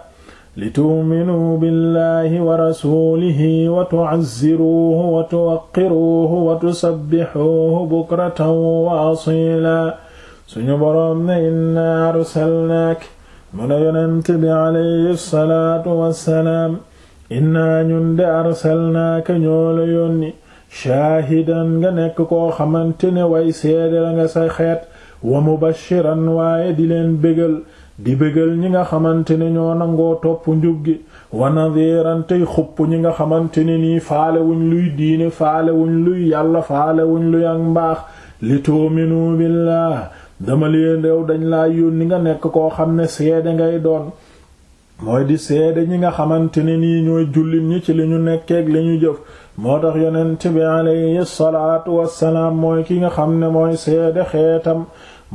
lituuminuu billahi wa rasulihi wa tucazziruuhu wa tuwaqqiruuhu wa tusabbixuuhu bukratan wa asiila suñu boroom ne inna arsalnaaka mu ne yonent bi alayhi salaatu wassalaam innaa ñun de arsalnaaka ñoo la yónni shaahidan nga nekk koo xamante ne way seede la nga sa xeet wa mubashiran waaye di leen bégal di bégal ñi nga xamante ne ñoo nangoo topp njub gi wa nadhiran tey xupp ñi nga xamante ne nii faalewuñ luy diine faalewuñ luy yàlla faalewuñ luy ak mbaax li tu'minu billah dama leen réew dañ laa yónni nga nekk koo xam ne seede ngay doon mooy di seede ñi nga xamante ne nii ñooy jullit ñi ci li ñu nekkeek li ñu jëf moo tax yonent bi alayhi salaatu wassalaam mooy ki nga xam ne mooy seede xeetam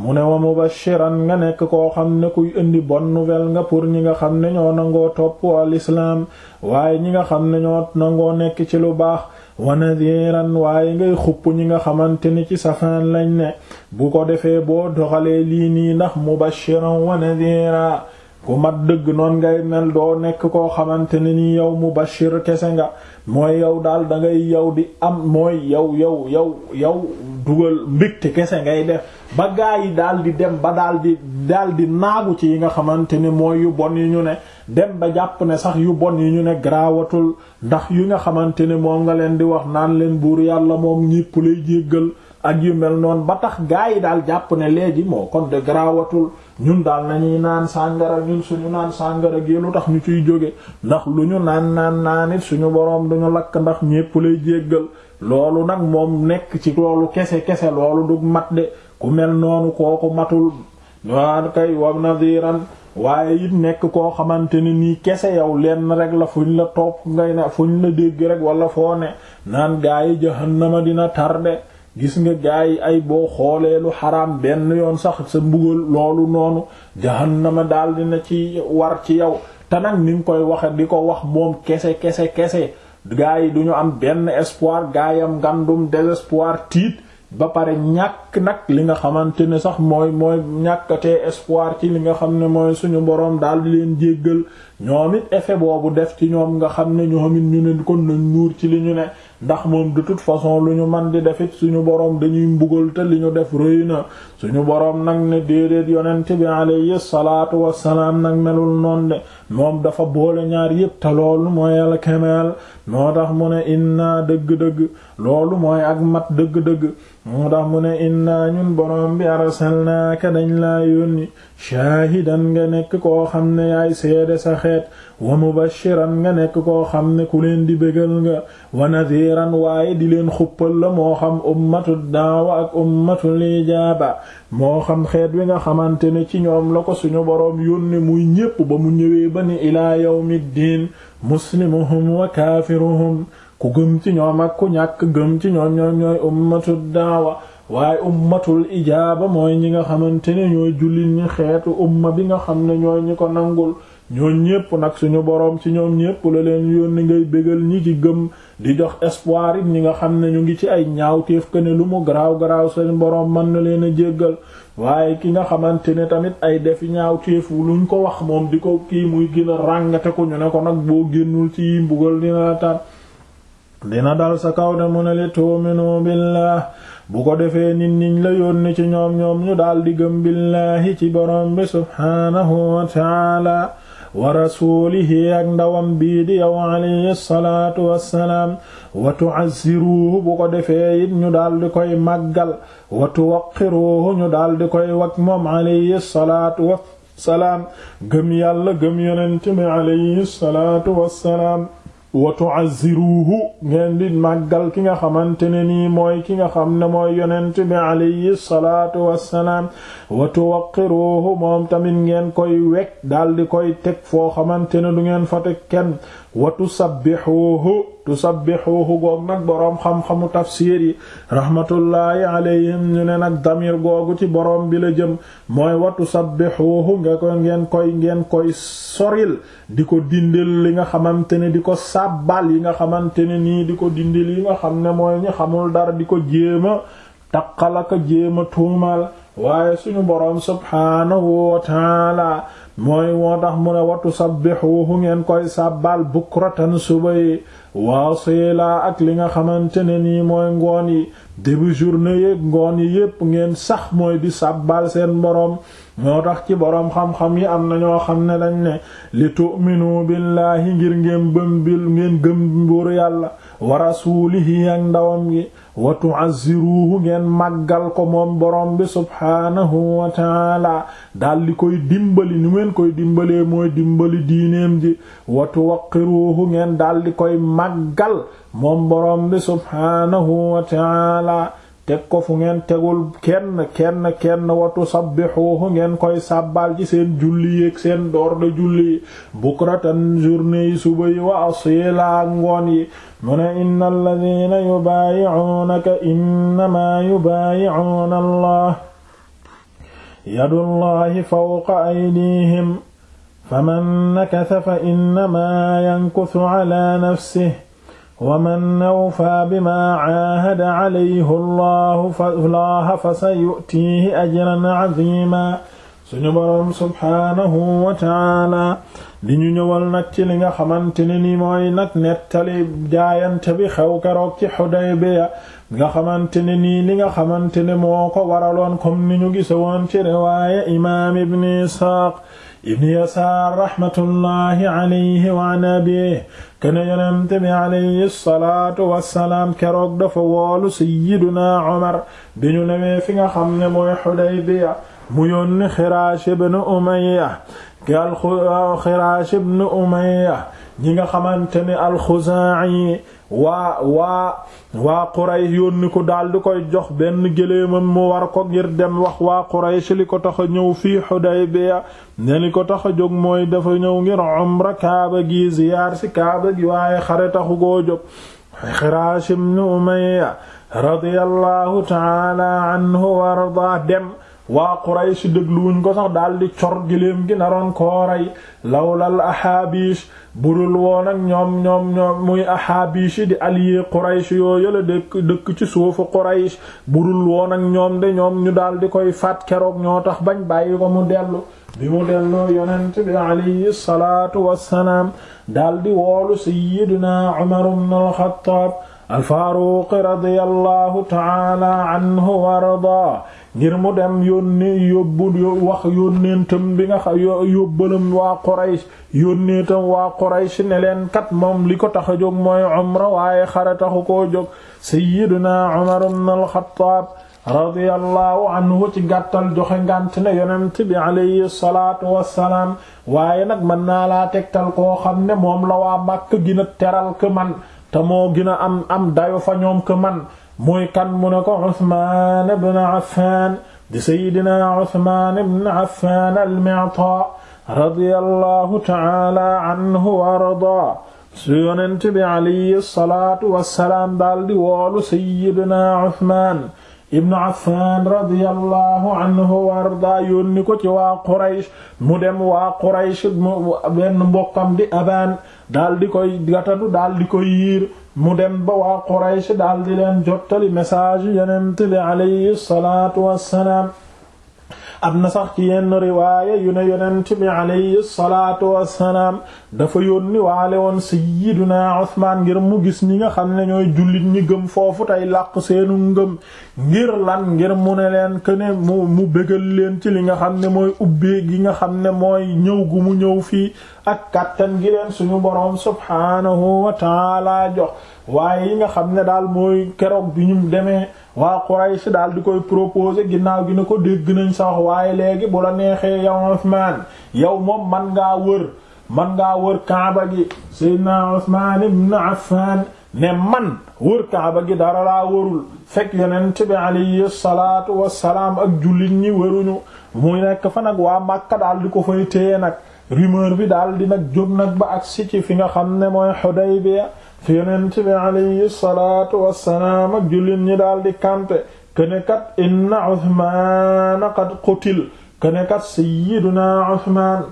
mu ne wa mubashiran nga nekk koo xam ne kuy indi bonne nouvelle nga pour ñi nga xam ne ñoo nangoo topp al islaam waaye ñi nga xam ne ñoo nangoo nekk ci lu baax wa nadiran waaye ngay xupp ñi nga xamante ni ci safaan lañ ne bu ko defee boo doxalee lii nii ndax mubashiran wa nadira ku mat dëgg noon ngay mel doo nekk koo xamante ni nii yow mubashir kese nga mooy yow daal da ngay yow di am mooy yow yow yow yow dugal mbégte kese ngay def ba gaa yi daal di dem ba daal di daal di naagu ci yi nga xamante ni mooy yu bon yi ñu ne dem ba jàpp ne sax yu bon yi ñu ne garaawatul ndax yu nga xamante ne moom nga leen di wax naan leen buur yàlla moom ñépp lay jéggal ak yu mel noonu ba tax gaa yi daal jàpp ne léegi moo kon de garaawatul ñun daal nañuy naan sàngara ñun suñu naan sàngara gi lu tax ñu ciy jóge ndax lu ñu naan naan naanit suñu boroom duñu lakk ndax ñépp lay jéggal loolu nag moom nekk ci loolu kese kese loolu du mat de ku mel noonu kooku matul ñaan kay na nadiran waaye it nekk koo xamante ni nii kese yow lenn rek la fuñ la topp ngay ne fuñ la dégg rek wala foo ne naan gaa yi jahannama dina tarde gis nga gaa yi ay boo xoolee lu xaraam benn yoon sax sa mbugal loolu noonu jahannama daal dina ci war ci yow te nag ni nga koy waxe di ko wax moom kese kese kese gaa yi duñu am benn espoir gaa yam ngandum désespoir tiit ba pare ñàkk nag li nga xamante ne sax mooy mooy ñàkkatee espoir ci li nga xam ne mooy suñu boroom daal di leen jéggal ñoom it effet boobu def ci ñoom nga xam ne ñoom it ñu ne kon nañ nuur ci li ñu ne ndax moom de toute façon lu ñu man di defit suñu boroom dañuy mbugal te li ñu def rëy na suñu boroom nag ne déedéet yonent bi alayhi salaatu wassalaam nag melul noon de moom dafa boole ñaar yépp te loolu mooy al kamal moo tax mu ne inna dëgg-dëgg loolu mooy ak mat dëgg-dëgg moo tax mu ne inna ñun borom bi arsalnaaka dañ laa yónni shaahidan nga nekk koo xam ne yaay seede sa xeet wa mubashiran nga nekk koo xam ne ku leen di bégal nga wa nadhiran waaye di leen xuppal la moo xam ummatu daawa ak ummatul ijaaba moo xam xeet wi nga xamante ne ci ñoom la ko suñu boroom yónni muy ñépp ba mu ñëwee ba ni ilaa yawmid diin muslimuhum wa kaafiruhum ku gëm ci ñoo ak ku ñàkk gëm ci ñoom ñoom ñooy ummatu daawa waaye ummatul ijaaba mooy ñi nga xamante ne ñooy jullit ñi xeetu umma bi nga xam ne ñoo ñi ko nangul ñooñ ñépp nag suñu boroom ci ñoom ñépp la leen yónni ngay bégal ñi ci gëm di jox espoir it ñi nga xam ne ñu ngi ci ay ñaaw ñaawteef que ne lu mu garaaw garaaw seen boroom mën na leen a jéggal waaye ki nga xamante ne tamit ay def ñaaw ñaawteef luñ ko wax moom di ko kii muy gën a ràngate ko ñu ne ko dina dal sa kaw de mu ne li tuuminu billah bu ko defee nit ñiñ la yónni ci ñoom ñoom ñu daal di gëm billaahi ci borom bi subhaanahu wa taala wa rasuulihi ak ndawam bii di yow alayhi salaatu wassalaam wa tu'azziruuhu bu ko defee it ñu daal di koy màggal wa tuwaqqiruuhu ñu daal di koy wak moom alayhi salaatu wassalaam gëm yàlla gëm yonent mi alayhi salaatu wassalaam wa tu'azziruuhu ngeen di màggal ki nga xamante ne nii mooy ki nga xam ne mooy yonent bi alayhi salaatu wassalaam wa tuwaqqiruuhu moom tamit ngeen koy wekk di koy teg foo xamante ne du ngeen fa kenn wa tusabbihuuhu tusabbihuhu goog nag boroom xam-xamu tafsiir yi rahmatullahi alayhim ñu ne nag damir googu ci boroom bi la jëm mooy wa tusabbihuhu nga ngeen koy ngeen koy soril di ko dindil li nga xamante ne di ko sàbbal yi nga xamante ne nii di ko dindil yi nga xam ne mooy ñi xamul dara di ko jéema taqalaka jéema tuumal waaye suñu boroom subhaanahu wa taala mooy moo tax mu ne wa tusabbihuhu ngeen koy sàbbal ratan suba yi waaw waasila ak li nga xamante ne nii mooy ngoon yi début journée yépp ngoon yi yépp ngeen sax mooy di sàbbal seen boroom moo tax ci boroom xam-xam yi am na ñoo xam ne dañ ne li tu'minu yi ngir ngeen bëm bil ngeen gëm buur yàlla wa rasuulihi ak ndawam gi watu wa tu'azziruhu ngeen màggal ko moom borom bi subhaanahu wa taala daal di koy dimbali ni ngeen koy dimbalee mooy dimbali diineem ji wa tuwaqqiruhu ngeen daal di koy màggal moom borom bi subhaanahu wa taala teg ko fu ngeen tegul kenn kenn kenn watu sabbihuhu ngeen koy sàbbal ci seen julli yeeg seen door de julli bukratan journée yi suba yi wa asila ngoon yi mu inna allah yadullahi fawqa aydihim faman nakatha waman awfaa bimaa caahada calayhu llaaha fa sa yutiihi ajran caziima suñu boroom subhaanahu wa taala di ñu ñëwal nag ci li nga xamante ne ni mooy nag nettali jaayante bi xew keroog ci Xudaybiya nga xamante ne nii li nga xamante ne moo ko waraloon comme ni ñu gisa woon ci riwaaya imaam ibn Isxaaq ibn yasaar raxmatullahi alayhi wa an abiih kene yonente bi alayhi salaatu wassalaam keroog dafa woolu sayyiduna Umar bi ñu newee fi nga xam ne mooy Xudaybiya mu yónni Xiraash ibn Umayya gal Xiraash ibn Umayya ñi nga xamante ne alxuzaa'i waa waa waa Quraysh yónni ko daal di koy jox benn gëléemam mu war ko ngir dem wax waa Quraysh li ko tax a ñëw fii Xudaybiya ne li ko tax a jóg mooy dafa ñëw ngir umra kaaba gi ziyaar ci kaaba gi waaye xare taxu koo jóg Xiraashim nu Umayya radiyallahu ta'ala anhu warda dem waa Quraysh dégluwuñ ko sax daldi cor giléem gi naroon koo rey lawlal ahaabish budul woon ak ñoom ñoom ñoom muy ahaabish di allié Quraysh yoo yëla dëkk dëkk ci suufu Quraysh budul woon ak ñoom de ñoom ñu daldi koy faat keroog ñoo tax bañ bàyyi ko mu dellu bi mu delloo yonent bi alayhi salaatu wassalaam daldi woolu sayyidina Umar ibn al al-Faaruq radiyallahu ta'ala anhu warda ngir mu dem yónnee yóbbu wax yónneentam bi nga xam yóbbalam waa Quraysh yónneentam waa Quraysh ne leen kat moom li ko tax a jóg mooy umra waaye xare taxu koo jóg sayyiduna Umar ibn al-Khattab radiyallahu anhu ci gàttal joxe ngànt ne yonent bi alayhi salaatu wassalaam waaye nag mën naa laa tegtal koo xam ne moom la waa Makka gën teral ka man te moo gën a am am dayo fa ñoom ka man mooy kan mu ne ko Usmaan ibn Affaan di sayyidina Usmaan ibn Affaan al-Mi'taa radiyallahu ta'ala anhu wa ardaa su yonent bi alayhi salaatu wassalaam daldi woolu sayyidina Usmaan ibn Affaan radiyallahu anhu wa ardaa yónni ko ci waa Quraysh mu dem waa Quraysh benn mbokkam di Abaan dal di koy gatadu daal di koy yiir mu dem ba waa Quraysh daal di leen jottali message yonent bi alayhi salaatu wassalaam am na sax ci yenn riwaaya yu ne yonent bi salaatu wassalaam dafa yónni waale woon sayyiduna Usmaan ngir mu gis ñi nga xam ne ñooy jullit ñi gëm foofu tey làq seenu ngëm ngir lan ngir mu ne leen que ne mu mu bégal leen ci li nga xam ne mooy ubbee gi nga xam ne mooy ñëw gu mu ñëw fii ak kàttan gi leen suñu boroom subhaanahu wa taala jox waaye yi nga xam ne daal mooy keroog bi ñu deme waa Quraysh daal di koy proposé ginnaaw gi ne ko dégg nañ sax waaye léegi bu la neexee yow Usmaan yow moom man ngaa wër man ngaa wër Kaaba gi Seydina Usmaan ibn Affaan man wër Kaaba gi dara laa wërul fekk yonent bi alayhi salaatu wassalaam ak jullit ñi wëruñu muy nekk fa nag waa Makka daal di ko fay téye nag rumeur bi daal di nag jóg nag ba agsi ci fi nga xam ne mooy Xudaybiya fi yonent bi alayhi salaatu wassalaam ak jullit ñi daal di kante kenekat inna Uthman qad qutil kenekat sayyiduna Uthman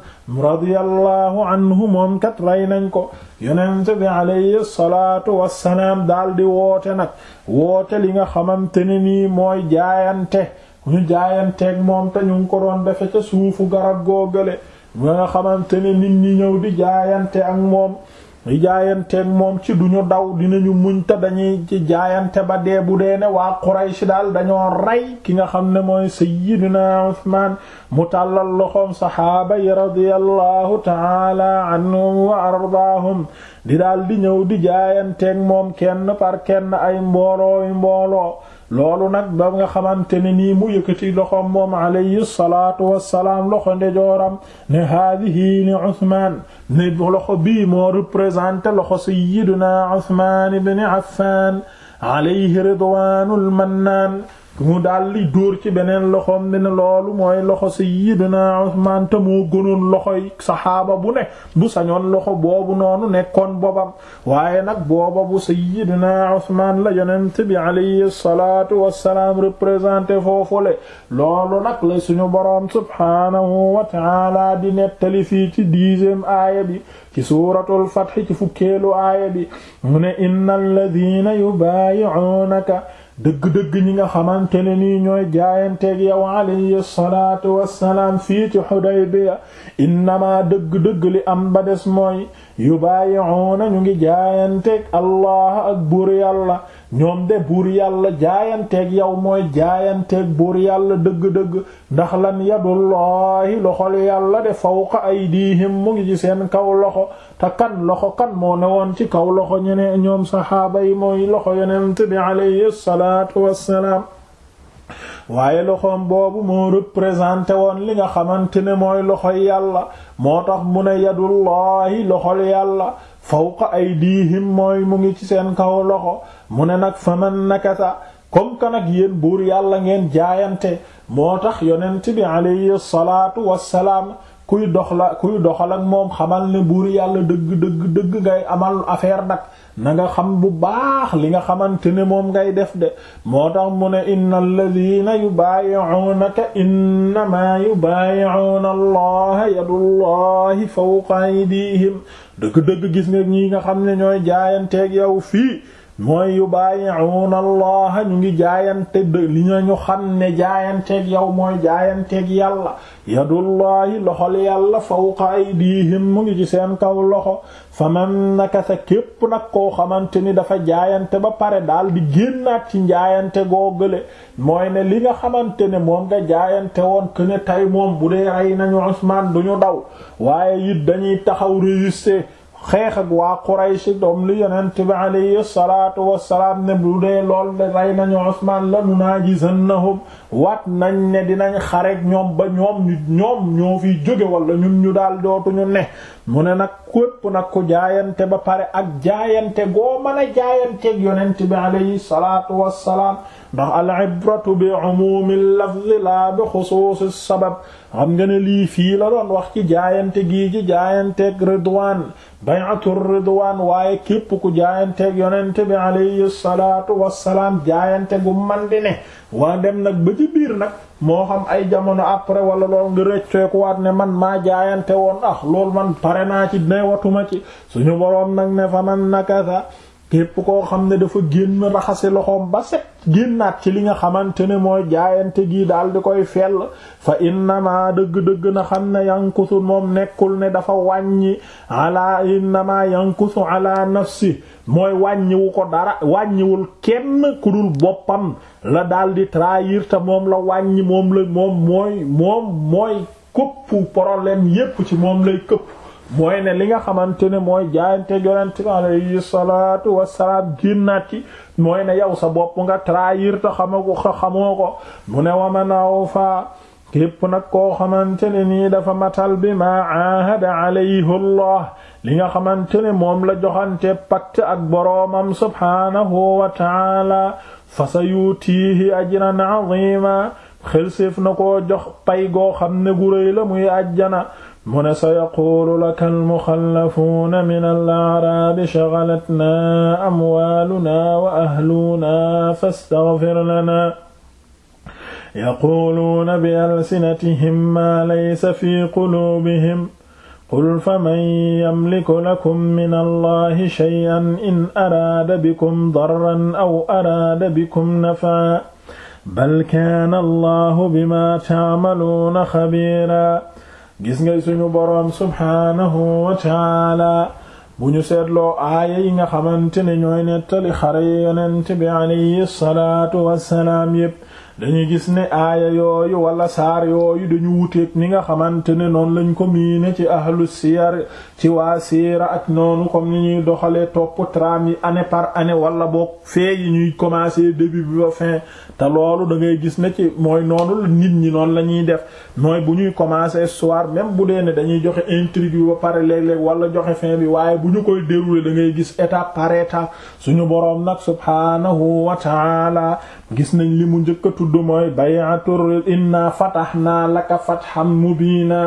radiyallahu anhu moom kat rey nañ ko yonent bi alayhi salaatu wassalaam daal di woote nag woote li nga xamante ne nii mooy jaayante ñu jaayanteeg moom te ñu ko doon defe suufu garab googale ba nga xamante ne nit ñi ñëw di jaayante ak moom di jaayante ak moom ci duñu daw dinañu muñ te dañuy ci jaayante ba dee bu dee ne waa Quraysh daal dañoo rey ki nga xam ne mooy sayyidina Usmaan mu tàllal loxoom saxaaba yi radiyallahu taala anhum wa ardaahum di daal di ñëw di jaayante ak moom kenn par kenn ay mboolooy mbooloo loolu nag ba nga xamante ne nii mu yëkkati loxoom moom alayhi salaatu wassalaam loxo ndejooram ne haadihi ni Usmaan ne loxo bii moo représenté loxo sayyidina Usmaan ibn Affaan alayhi ridwaanul mannaan mu daldi dóor ci beneen loxoom ne loolu mooy loxo sayyidina Usmaan te moo gënoon loxoy saxaaba bu ne bu sañoon loxo boobu noonu nekkoon bobam waaye nag booba bu sayyidina Usmaan la yonent bi alayhi salaatu wassalaam représenté foofule loolu nag la suñu borom subhaanahu wa di nettali fii ci dixième aaya bi ci suuratul Fath ci fukkeelu aaya bi mu ne innal ladhiina yubaayi'uunaka dëgg-dëgg ñi nga xamante ne nii ñooy jaayanteeg yow alayhi salaatu wassalaam fii ci Xudaybiya innamaa dëgg-dëgg li am ba des mooy yubaayi'uuna ñu ngi jaayanteeg Allah ak buur yàlla ñoom de buur yàlla jaayanteek yow mooy jaayanteeg buur yàlla dëgg-dëgg ndax lan yadullahi loxol yàlla de fawqa aydihim mu ngi ci seen kaw loxo te kan loxo kan moo ne woon ci kaw loxo ñene ñoom saxaaba yi mooy loxo yonent bi alayhi salaatu wassalaam waaye loxoom boobu moo représenté woon li nga xamante ne mooy loxoy yàlla moo tax mu ne yadullahi loxol yàlla fawqa aydihim mooy mu ngi ci seen kaw loxo mu ne nag faman nakasa comme que nag yéen buur yàlla ngeen jaayante moo tax yonent bi alayhi salaatu salaam kuy dox la kuy doxal ak moom xamal ne buur yàlla dëgg dëgg dëgg ngay amal affaire nag na nga xam bu baax li nga xamante ne moom ngay def de moo tax mu ne inna alladina yubaayi'unaka innama yubaayi'una allaha fawqa aydihim dëgg-dëgg gis nga ñi nga xam ne ñooy jaayanteeg yow fii mooy yubaayi'uuna allaha ñu ngi jaayante de li ñu xam ne jaayanteeg yow mooy jaayanteeg yàlla yadullahi loxol yàlla fawqa aydihim mu ngi ci seen kaw loxo faman nakasa képp nag koo xamante ni dafa jaayante ba pare daal di génnaat ci njaayante googale mooy ne li nga xamante ne moom nga jaayante woon que tey moom bu dee rey nañu Usmaan duñu daw waaye it dañuy taxaw résister xeex ak waa Quraysh doom li yonent bi alayhi salaatu wassalaam ne bu dee lool de rey nañu Usmaan la nunaajizannahum waat nañ ne dinañ xareek ñoom ba ñoom ñoom ñoo fi jóge wala ñun ñu daal dootuñu ne mu ne nag képp nag ku jaayante ba pare ak jaayante goo mën a jaayanteeg yonent bi alayhi salaatu wassalaam ndax al ibratu bi umumil lafzi la bi xusuusi sabab xam nga lii fii la doon wax ci jaayante gii ci jaayanteeg ridwaan bay'atu ridwaan waaye képp ku jaayanteeg yonent bi alayhi salaatu wassalaam jaayante gu di ne waa dem nag ci biir nag moo xam ay jamono après wala lool nga rëcceekuwaat ne man maa jaayante woon ax ah, loolu man pare naa ci newatuma ci suñu boroom nag ne fa man nakasa képp koo xam ne dafa génn raxase loxoom ba génnaat ci li nga xamante ne mooy jaayante gi daal di koy fell fa innama dëgg-dëgg na xam ne yankusu moom nekkul ne dafa wàññi ala innama yankusu ala nafsi mooy wàññiwu ko dara wàññiwul kenn ku dul boppam la daal di trahir te moom la wàññi moom la moom mooy moom mooy këpp problème yépp ci moom lay këpp mooy ne li nga xamante ne mooy jaayante yonente bi alayhi salaatu wasalaam mooy ne yow sa bopp nga trahir te xama ko ko mu ne waman awfa képp nag koo xamante ne dafa matal bi ma ahada alayhi allah li nga xamante moom la joxante pacte ak boroomam subhaanahu wa taala fa sa yutiihi ajran azima xelséef na jox pay goo xam ne gu muy àjjana mu ne sayaquulu laka almuxallafuuna min al-a'raabi shaghalatnaa amwaalunaa wa ahluunaa fastaghfir lanaa yaquuluuna bi-alsinatihim maa laysa fii quluubihim qul faman yamliku lakum min allahi shay'an in araada bikum darran aw araada bikum naf'an bal kaana allahu bimaa ta'maluuna xabiira gis nga suñu boroom subhaanahu wa taala bu ñu seetloo aaya yi nga xamante ne ñooy nettali xare yonent bi alayhi salaatu wassalaam yépp dañuy gis ne aaya yooyu wala saar yooyu dañu wuteeg ni nga xamante ne noonu lañ ko miine ci ahlu siyar ci waa siira ak noonu comme ni ñuy doxalee topp tram yi année par année wala boog fee yi ñuy commencer début bi ba fin te loolu da ngay gis ne ci mooy noonu nit ñi noonu la ñuy def mooy bu ñuy commencer soir même bu dee ne dañuy joxe intrigue bi ba pare léeg-léeg wala joxe fin bi waaye bu ñu koy dérouler da ngay gis étape par étape suñu boroom nag subhaanahu wa ta'ala gis nañ li mu njëkk a tudd mooy bay'atur inna fatahna laka fathan mubina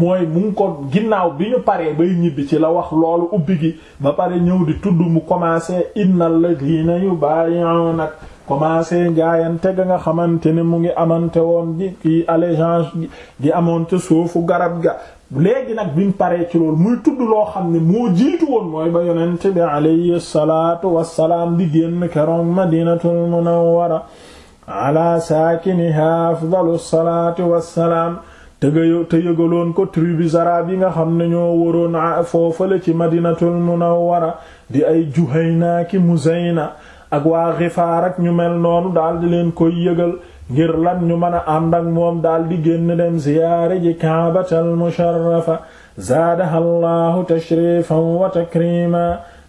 mooy mu ngi ko ginnaaw bi ñu paree bay ñibbi ci la wax loolu ubbi gi ba pare ñëw di tudd mu commencé innal ladina yubay'unak commencé jaayante ga nga xamante ne mu ngi amante woon di kii allégeance gi amoon ca suufu garab ga léegi nag bi mu paree ci loolu muy tudd loo xam ne moo jiitu woon mooy ba yonent bi alayhi salaatu wassalaam di génn keroog madinatul munawwara ala saakiniha afdalu salaati wassalaam te te yëgaloon ko tribu zarab yi nga xam ne ñoo waroon a foofale ci madinatul munawwara di ay juhayna ki muzayna ak waa xifaar ak ñu mel noonu daal di leen koy yëgal ngir lan ñu mën a ànd ak moom daal di génn dem ziyaare ji kaabatal musharrafa zaadaha allahu tashrifan wa takrima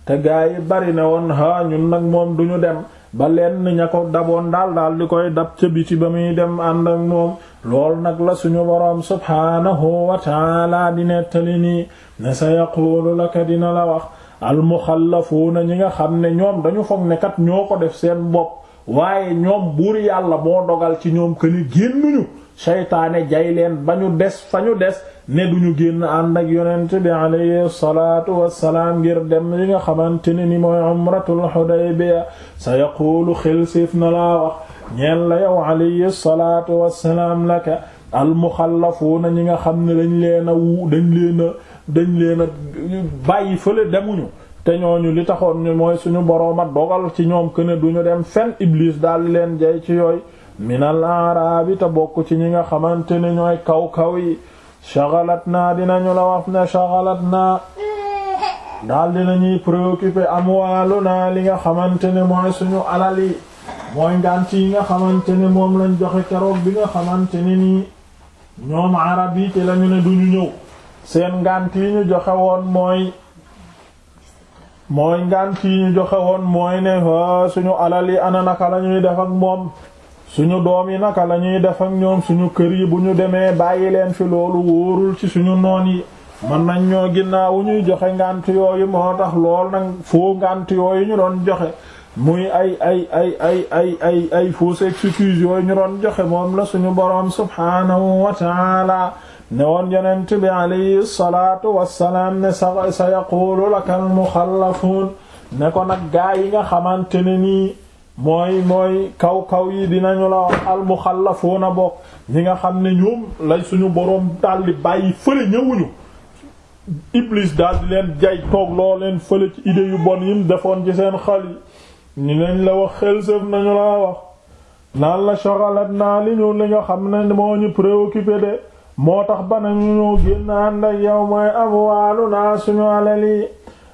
te yi bari na woon haa ñun nag moom duñu dem ba lenn ña ko daboon daal daal di koy dab ca biti ba muy dem ànd ak moom lool nag la suñu boroom subhaanahu wa taala di nettali nii ne sa yaquulu laka dina la wax almuxallafuuna ñi nga xam ne ñoom dañu foog ne ñoo ko def seen bopp waaye ñoom buur yàlla moo dogal ci ñoom que ni génnuñu seytaane jay leen ba ñu des fa ñu des ne duñu génn ànd ak yonent bi alayhi salaatu wassalaam ngir dem li nga xamante ne ni mooy umratul Hudaybiya sa yaquulu xilsif na laa wax ñeen la yow alayhi salaatu wassalaam laka almuxallafuuna ñi nga xam ne dañ leen a wu dañ leen a dañ leen bàyyi fële demuñu te ñooñu li taxoon ñu mooy suñu borooma dogal ci ñoom que duñu dem fenn Iblis daal leen jay ci yooyu minal aaraabi te bokk ci ñi nga xamante ne ñooy kaw-kaw yi shagalat naa dinañu la wax ne shagalat naa daal dinañuy préoccupé amwaalu naa li nga xamante ne mooy suñu alal yi mooy ngànt yi nga xamante ne moom lañ joxe keroog bi nga xamante ne nii ñoom arab yi te lañu ne duñu ñëw seen ngànt yi ñu joxe woon mooy mooy ngànt yi ñu joxe woon mooy ne ha suñu alal yi ana naka la ñuy def moom suñu doom yi naka la ñuy def ñoom suñu kër yi bu ñu demee bàyyi leen fi loolu wóorul ci suñu noon yi mën nañ ñoo ginnaawu ñuy joxe ngànt yooyu moo tax lool nag foo ngànt yooyu ñu doon joxe muy ay ay ay ay ay ay ay fausses yooyu ñu doon joxe moom la suñu boroom subhaanahu wa taala ne woon yonent bi alayhi salaatu wassalaam ne sa sa yaquulu lakal muxallafuun ne ko nag gaa yi nga xamante ne nii mooy mooy kaw-kaw yi dinañu la wax al muxallafuuna bokk ñi nga xam ne ñoom lay suñu boroom daldi bàyyi fële ñëwuñu iblis daldi leen jay toog loo leen fële ci idée yu bon yim defoon ci seen xal yi ñi lañ la wax xelsef nañu la wax naan la shaghalatna li ñu li nga xam ne moo ñu préoccupé de moo tax bana ñu ñoo génn ànd ak yow mooy amwaalunaa suñu alal yi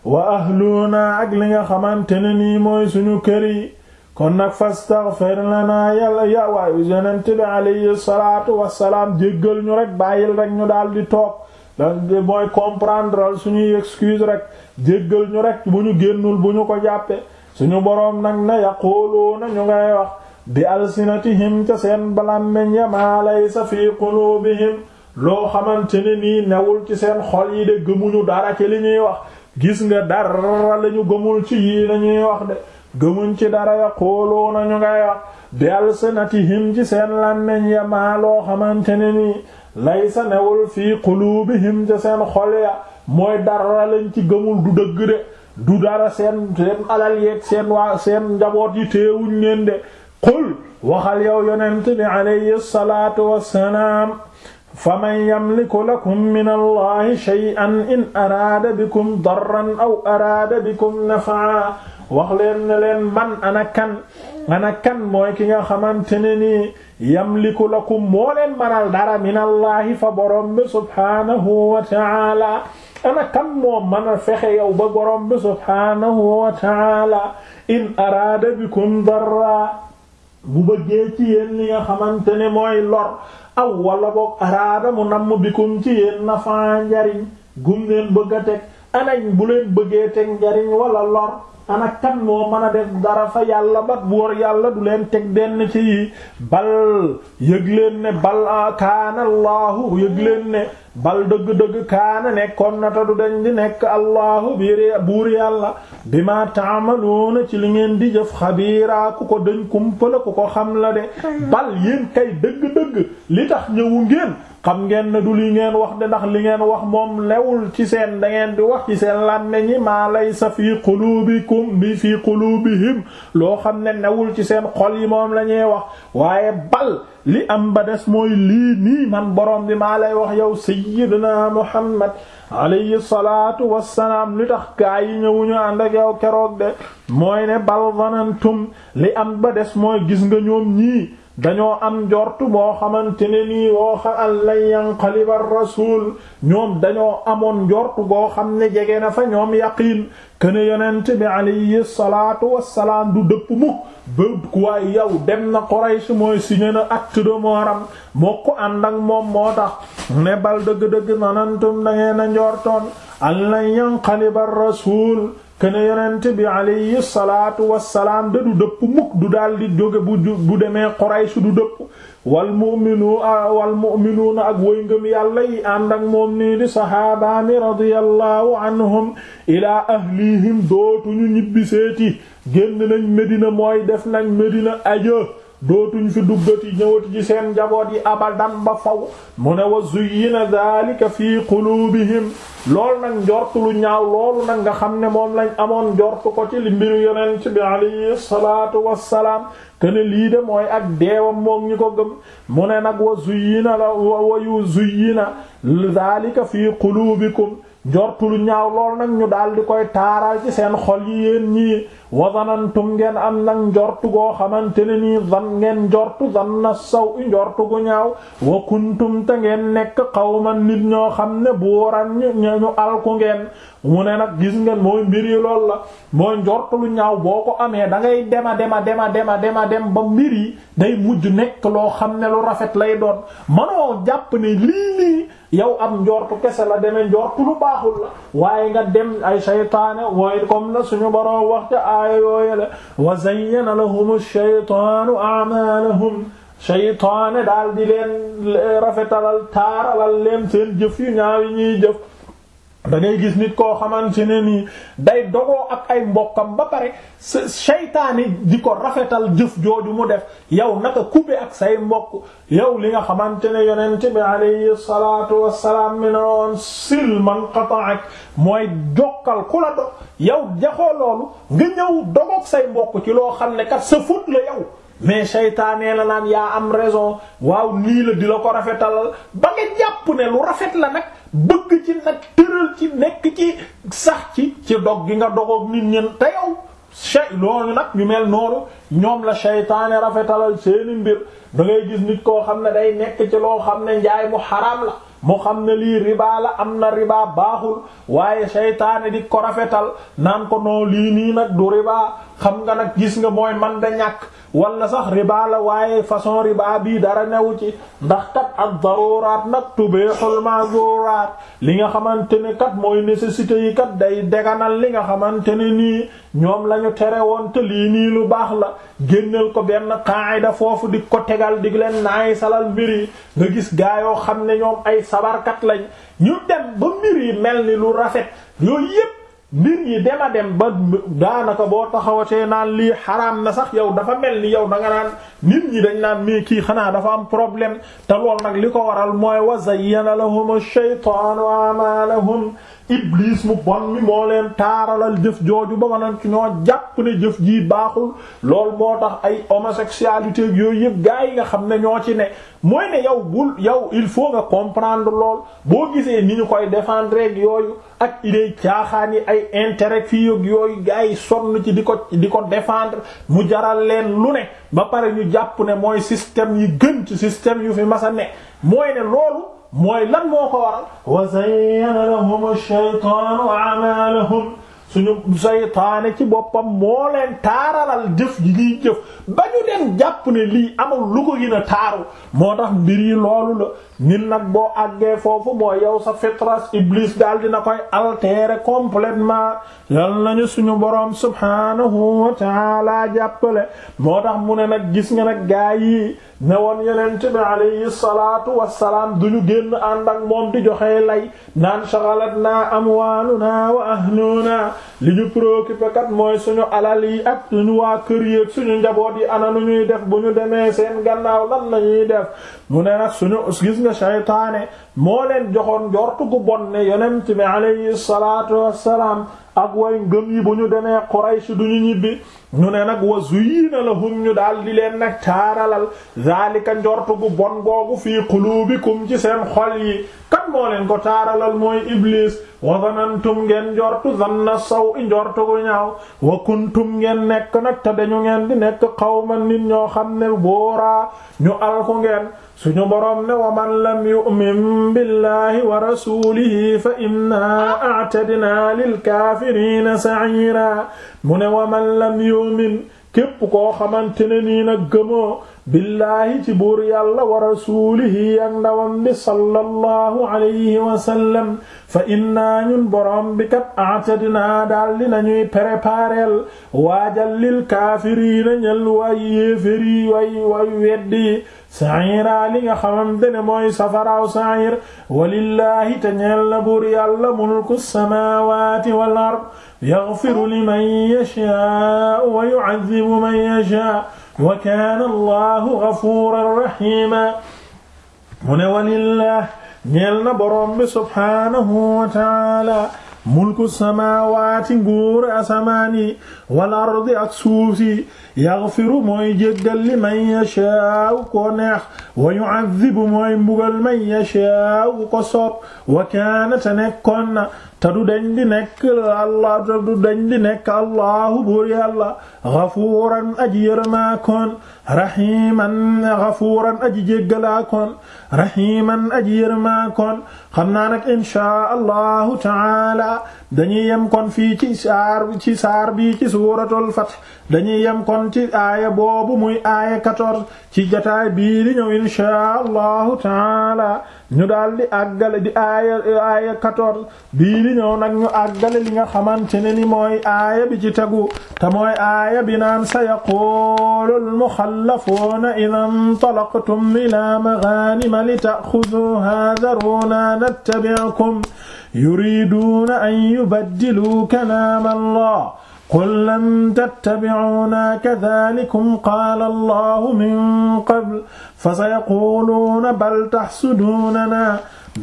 wa ahlunaa ak li nga xamante ne nii mooy suñu kër yi kon nag fastaghfir lanaa yàlla ya waayu yonent bi alayhi salaatu wassalaam jéggal ñu rek bàyyil rek ñu daal di toog da mooy comprendre suñuy excuse rek jéggal ñu rek bu ñu génnul bu ñu ko jàppe suñu boroom nag na yaquluuna ñu ngay wax bi alsinatihim ca seen balammeñ ya maa laysa fii quluubihim loo xamante ne nii newul ci seen xol yi de gëmuñu dara ci li ñuy wax gis nga dara lañu gëmul ci yii lañuy wax de gëmuñ ci dara ya xooloo nañu ngay wax bi alsinatihim ci seen làmmeñ ya maa loo xamante ne nii laysa newul fii quluubihim ci seen xol ya mooy dara lañ ci gëmul du dëgg de du dara seen seen alal yeeg seen waa seen njaboot yi teewuñ leen de qul waxal yow yonent bi alayhi faman yamliku lakum min allahi shay'an in araada bikum darran aw araada bikum nafaa wax leen ne leen man ana kan ana kan mooy ki nga xamante ne nii yamliku lakum moo leen manal dara min allaahi fa borom bi subhaanahu wa ta'ala ana kan moo mën a fexe yow ba borom bi subhaanahu wa ta'ala in araada bikum darra bu bëggee ci yéen li nga xamante ne mooy lor aw wala boog araada mu namm bikum ci yéen nafaa njariñ gum leen bëgg anañ bu leen bëggee te njariñ wala lor ana kan moo mën a def dara fa yàlla ba wor yàlla du leen teg benn ci yi bal yëg ne bal kaana allahu yëg leen ne bal dëgg-dëgg kaana nekkoon na ta du dañ di nekk allahu biir buur yàlla bi ma taamaloona ci li ngeen di jëf xabiiraa ku ko dañ kumpala ku ko xam la de bal yéen kay dëgg-dëgg li tax ñëwu ngeen xam ngeen ne du li ngeen wax de ndax li ngeen wax moom lewul ci seen da ngeen di wax ci seen làmmiñ lay maa laysa fii quluubikum bi fii quluubihim loo xam ne newul ci seen xol yi moom lañuy wax waaye bal li am ba des mooy lii nii man borom bi maa lay wax yow sayyidina Muhammad alayhi salaatu wassalaam li tax gaa yi ñëwuñu ànd yow keroog de mooy ne bal zanantum li am ba des mooy gis nga ñoom ñii dañoo am njort boo xamante ne nii woo xa an lan ñoom dañoo amoon njort goo xam ne jege na fa ñoom yaqiin kene yonent bi alayhi salaatu wassalaam du dëpp mukk bëb ku waay yow dem na Quraysh mooy signé na acte de mort am moo ko ak moom moo tax ne bal dëgg-dëgg nanantum da ngeen a njortoon an lan yanqaliba rasul kene yonent bi alayhi salaatu wassalaam da du dëpp mukk du daldi jóge bu bu demee Quraysh du dëpp wal mu'minu wal ak woy ngëm yàlla yi ànd ak moom nii di saxaabaami radiyallahu anhum ilaa ahlihim dootuñu ñibbiseeti génn nañ Medina mooy def nañ Medina aja dootuñ fi duggati ñëwati ci seen njaboot yi abadan ba faw mu ne wa zuyyina dhalika fi qulubihim lool nag njort lu ñaaw loolu nag nga xam ne moom lañ amoon njort ko ci li mbiru yonent bi alayhi salaatu wassalaam kene lii de mooy ak deewam moom ñi ko gëm mu ne nag wa zuyyina la wa yu zuyyina dhalika fi qulubikum njort lu ñaaw loolu nag ñu daal di koy taaral ci seen xol yi yéen ñii wa zanantum ngeen am nag njortu goo xamante ne nii zan ngeen njortu zan na saw i njortu gu ñaaw wa kuntum te ngeen nekk xawman nit ñoo xam ne buuran ñu ñu alku ngeen mu ne nag gis ngeen mooy mbir yi lool la mooy njort lu ñaaw boo ko amee da ngay dema dema dema dema dema dem ba mbir yi day mujj nekk loo xam ne lu rafet lay doon manoo jàpp ni lii nii am njortu kese la deme njortu baaxul la waaye nga dem ay shaytaane wooy comme la suñu boroom wax ca aaya yooye la wa zayyana lahum shaytaanu a'maalahum shaytaane daal di leen rafetalal taaralal leen seen jëf yu ñaaw yi ñuy jëf da ngay gis nit koo xamante ne nii day dogoo ak ay mbokkam ba pare sa seytaane di ko rafetal jëf jooju mu def yow naka couper ak say mbokk yow li nga xamante ne yonent bi alayhi salaatu wassalaam mi noon sil man qata'ak mooy jokkal ku la do yow jaxoo loolu nga ñëw dogoog say mbokk ci loo xam ne kat sa fut la yow mais seytaane la naan yaa am raison waaw nii la di la ko rafetal ba nga jàpp ne lu rafet la nag bëgg ci nag tëral ci nekk ci sax ci ci dog gi nga dogoog nit ñen te yow shay loolu nag ñu mel noonu ñoom la shaytaane rafetalal seeni mbir dangay gis nit koo xam ne day nekk ci loo xam ne njaay mu xaraam la mu xam ne lii riba la am na riba baaxul waaye shaytaane di ko rafetal naan ko noo lii nii nag du riba xam nga nag gis nga mooy man da ñàkk walla sax riba la waaye façon riba bii dara newu ci ndax kat ak daruraat nag tubihul mazuraat li nga xamante ne kat mooy nécessité yi kat day deganal li nga xamante ne nii ñoom lañu ñu tere woon te lii nii lu baax la génneel ko benn qaayda foofu di ko tegal di leen naay salal mbir yi nga gis gaa yoo xam ne ñoom ay sabarkat lañ ñu dem ba mbir yi mel ni lu rafet yooyu yépp mbir yi dema dem ba daanaka boo taxawatee naan lii xaraam na sax yow dafa mel ni yow da nga naan nit ñi dañ naan mii kii xanaa dafa am problème ta lool nag li ko waral mooy wa zayyana lahum ash-shaytaanu a'maalahum iblis mu bon mi moo leen taaralal jëf jooju ba maanaam ci ñoo jàpp ne jëf jii baaxul lool moo tax ay homosexualité yooyu yëpp gaa yi nga xam ne ñoo ci ne mooy ne yow bul yow il faut nga comprendre lool boo gisee ni ñu koy défendre ak yooyu ak idée caaxaan yi ay intérêt fii ak yooyu gaa yi sonn ci di ko di ko défendre mu jaral leen lu ne ba pare ñu jàpp ne mooy système yi gën ci système yu fi masa ne mooy ne loolu mooy lan moo ko waral wa zayyana lahum ash-shaytaanu a'maalahum suñu saytaane ci boppam moo leen taaralal jëf ji jëf ba ñu dem ne lii amul lu ko gën a taaru moo tax mbir yi loolu la nit nag boo àggee foofu mooy yow sa fitras iblis daal dina koy altérer complètement yal nañu suñu boroom subhaanahu wa ta'ala jàppale moo tax mu ne nag gis nga nag gaa yi ne woon yonent bi alayhi salaatu wassalaam ñu génn ànd ak moom di joxe lay naan shaghalatna amwaaluna wa ahluna li ñu préoccupé kat mooy suñu alal yi ak suñu waa kër yi ak suñu njaboot yi ana nu ñuy def bu ñu demee seen gannaaw lan lañuy def mu ne nag suñu gis nga seytaane moo leen joxoon njortu gu bon ne yonent bi alayhi salaatu wassalaam ak way ngëm yi bu ñu demee Quraysh duñu ñibbi ñu ne nag wa zuyyina lahum ñu daal di leen nag taaralal zaalika njortu gu bon googu fii quluubikum ci seen xol yi kan moo leen ko taaralal mooy Iblis. wa zanantum ngeen njortu zanna saw i njortu gu wa kuntum ngeen nekk na te dañu ngeen di nekk xawman nit ñoo xam ne booraa ñu alku ngeen suñu boroom ne wa man lam yu'min billahi wa rasulihi fa inna a'tadna lil kaafiriina sa'ira mu ne wa man lam yu'min képp koo xamante ne nii nag gëmoo billaahi ci buur yàlla wa rasuulihi ak ndawam bi sallallahu alayhi wa sallam fa innaa ñun borom bi kat atadnaa daal di nañuy prépareel waajal lil kaafiriina ñel way yéeféri way way weddi saira li nga xamante ne mooy safaraaw sair walillaahi te ñeel na buur yàlla mulku samaawaati wal ard yaghfiru liman yashaa'u wa yu'adhibu man yashaa'u wa kaana allahu gafuuran rahiima mu ne walillah ñeel na boroom bi subhaanahu wa taala mulku samaawaati nguur asamaan yi wal ardi ak suuf si yaghfiru mooy jéggal li man yashaa'u ko neex wa yu'adhibu mooy mbugal man yashaa'u ko soob wa kaana te nekkoon na te du dañ di nekk allah te du dañ di nekk allahu buur yàlla gafuuran aji yërëmaakoon rahiman gafuuran aji jéggalaakoon rahiman aji yërëmaakoon xam naa nag inchaa dañuy yem kon fii ci saar ci saar bii ci suuratul fath dañuy yem kon ci aaya boobu muy aaya 14 ci jataay bii di ñëw inchaa allahu taala ñu daal di àggale di aaya aaya 14 bii di ñëw nag ñu àggale li nga xamante ne ni mooy aaya bi ci tegu te mooy aaya bi naan sa yaquulu almuxallafuuna ida ntalaqtum ila maganima li taaxuduha daruna nattabi'kum yuriduuna an yubaddiluu kalaam allah qul lan tattabi'uuna kadhalikum qaala allahu min qabl fa sayaquluuna bal tahsuduunana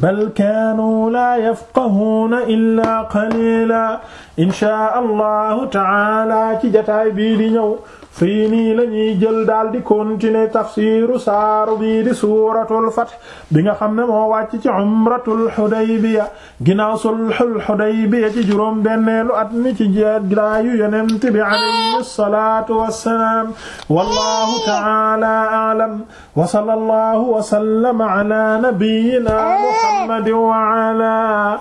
bal kaanu laa yafqahuuna illaa qaliila inshaa allahu taala ci jataay bii di ñëw fii nii la ñuy jël daal di continuer tafsiru saaru bi di suuratul fath bi nga xam ne moo wàcc ci umratul Hudaybiya ginnaaw sulhul Hudaybiya ci juróom benneelu at mi ci jaglaayu yonent bi alayhi salaatu wassalaam wallahu ta'ala a'lam wa sallallahu wa sallama ala nabiyyina Muhammadin wa ala